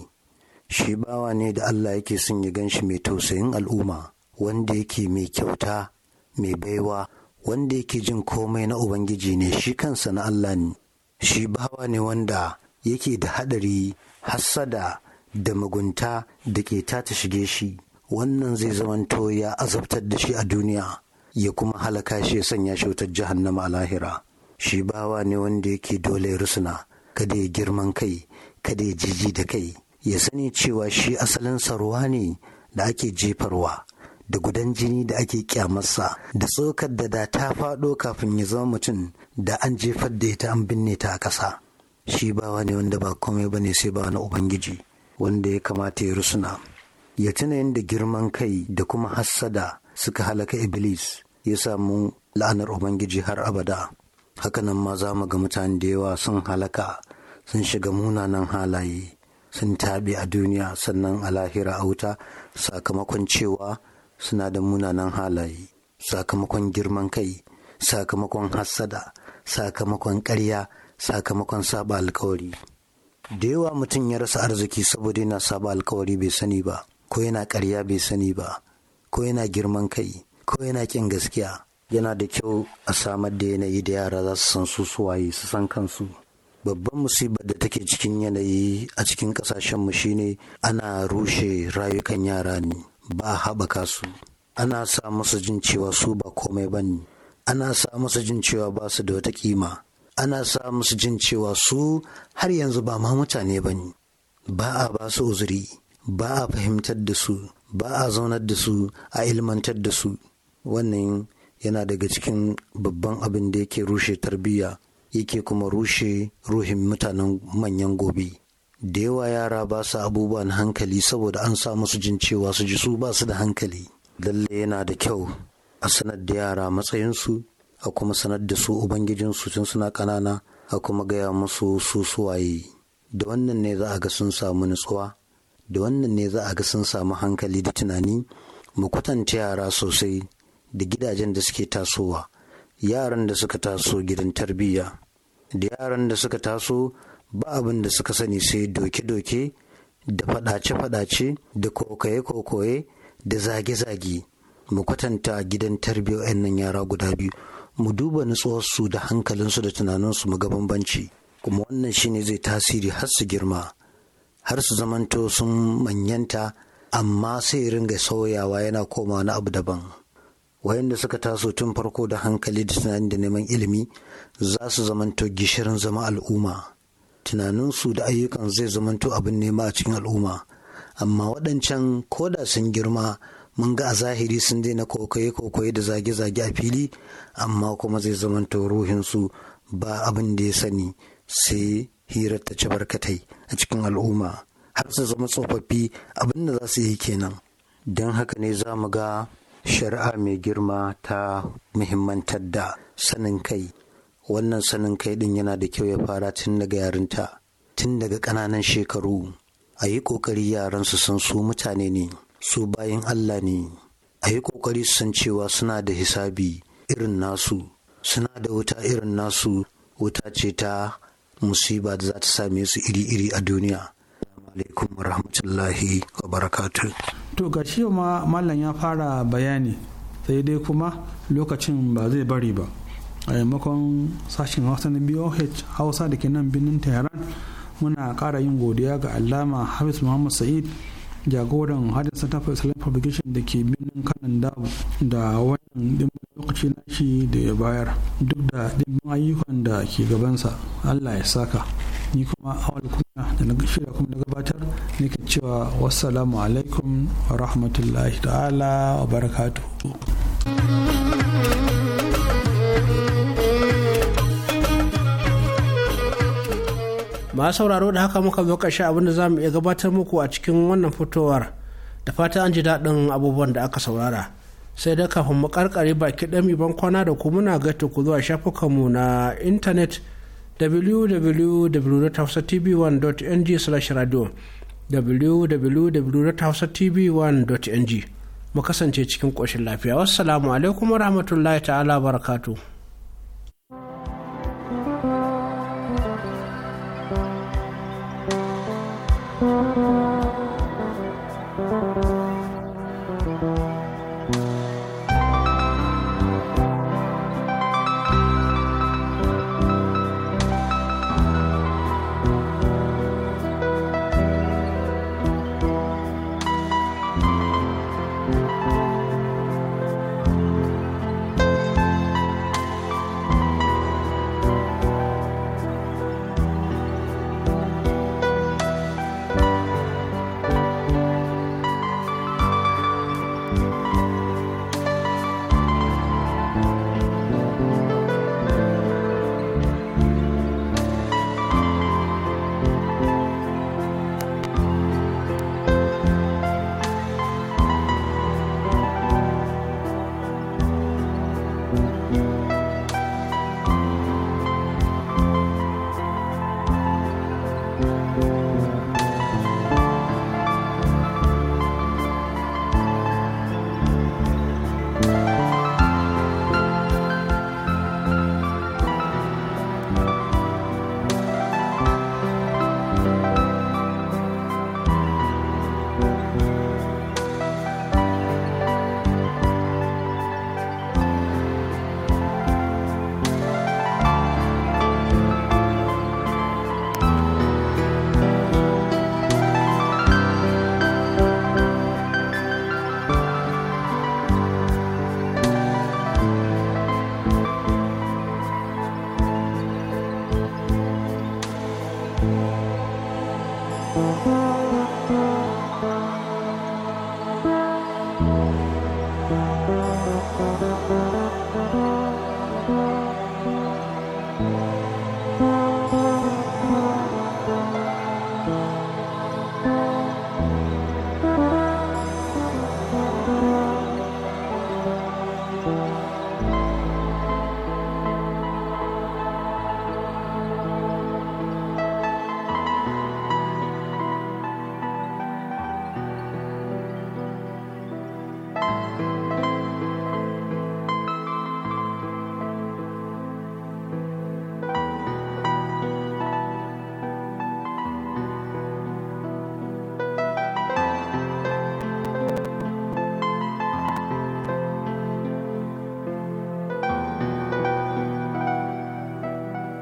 shi bawa ne da allah yake son ya gan shi mai tausayin al'umma wanda yake mai kyauta mai baiwa wanda yake jin komai na Ubangiji ne shi kansa na Allah ne, shi bawa ne wanda yake da haɗari hassada da mugunta da ke ta shige shi, wannan zai zamanto ya azabtar da shi a duniya, ya kuma halaka shi ya sanya shi wutar jahannama a lahira. Shi bawa ne wanda yake dole rusuna, kada ya girman kai, kada ya jiji da kai, ya sani cewa shi asalin sarwa ne da ake jefarwa. da gudan jini da ake kyamarsa da tsokar da da ta faɗo kafin ya zama mutum da an jefar da ita an binne ta a ƙasa shi bawa ne wanda ba komai ba ne sai ba na ubangiji wanda ya kamata ya rusuna ya tuna yadda girman kai da kuma hassada suka halaka iblis ya samu la'anar ubangiji har abada hakanan ma za mu ga mutane da yawa sun halaka sun shiga munanan halaye sun taɓi a duniya sannan a lahira a wuta sakamakon cewa suna da munanan halaye sakamakon girman kai sakamakon hassada sakamakon ƙarya sakamakon saba alkawari da yawa mutum ya rasa arziki saboda yana saba alkawari bai sani ba ko yana ƙarya bai sani ba ko yana girman kai ko yana ƙin gaskiya yana da kyau a samar da yanayi da yara za su san su suwaye su san kansu babban musibar da take cikin yanayi a cikin ƙasashenmu shine ana rushe rayukan yara ne ba haɓaka su ana sa masa jin cewa su ba komai ba ne ana sa masa jin cewa ba su da wata kima ana sa musu jin cewa su har yanzu ba ma mutane ba ne ba a ba su uzuri ba a fahimtar da su ba a zaunar da su a ilmantar da su wannan yana daga cikin babban abin da yake rushe tarbiyya yake kuma rushe ruhin mutanen manyan gobe da yawa yara ba su abubuwan hankali saboda an sa musu jin cewa su ji su ba su da hankali lalle yana da kyau a sanar da yara matsayinsu a kuma sanar da su ubangijinsu tun suna ƙanana a kuma gaya musu su suwaye da wannan ne za a ga sun samu nutsuwa da wannan ne za a ga sun samu hankali da tunani mu kwatanta yara sosai da gidajen da suke tasowa yaran da suka taso gidan tarbiyya da yaran da suka taso ba abin da suka sani sai doke-doke da faɗace-faɗace da kokaye-kokoye da zage-zage mu kwatanta gidan tarbiyyar 'yan nan yara guda biyu mu duba nutsuwarsu da hankalinsu da tunaninsu mu ga bambanci kuma wannan shine zai tasiri har su girma har su zamanto sun manyanta amma sai ringa sauyawa yana koma na abu daban wayanda suka taso tun farko da hankali da tunani da neman ilimi za su zamanto gishirin zama al'umma tunaninsu da ayyukan zai zamanto abin nema a cikin al'umma amma waɗancan koda sun girma mun ga a zahiri sun daina kokaye-kokaye da zage-zage a fili amma kuma zai zamanto ruhinsu ba abin da ya sani sai hirar ta ci barkatai a cikin al'umma har su zama tsofaffi abin da za su yi kenan don haka ne za mu ga shari'a mai girma ta muhimmantar da sanin kai wannan sanin kai din yana da kyau ya fara tun daga yarinta tun daga ƙananan shekaru a yi ƙoƙari yaran su san su mutane ne su bayan allah ne a yi ƙoƙari su san cewa suna da hisabi irin nasu suna da wuta irin nasu wuta ce ta musiba da za ta same su iri-iri a duniya alaikum rahmatullahi wa barakatu to ga ma mallan ya fara bayani sai dai kuma lokacin ba zai bari ba a maimakon sashen hausa na boh hausa da ke nan birnin tehran muna kara yin godiya ga alama hafiz muhammad sa'id jagoran hadin center for islamic publication da ke birnin kanan da da wannan dimbin lokaci na shi da ya bayar duk da dimbin ayyukan da ke gabansa allah ya saka ni kuma awal kuna da na shirya kuma na gabatar nake cewa wassalamu alaikum wa rahmatullahi ta'ala wa barakatuhu ma sauraro da haka muka zo ƙarshe abin da za mu iya gabatar muku a cikin wannan fitowar da fata an ji daɗin abubuwan da aka saurara sai da kafin mu karkare baki ɗan ban kwana da ku muna gaita ku zuwa shafukanmu na intanet www.hausatv1.ng/radio www.hausatv1.ng mu kasance cikin ƙoshin lafiya wassalamu alaikum warahmatullahi ta'ala barakatuh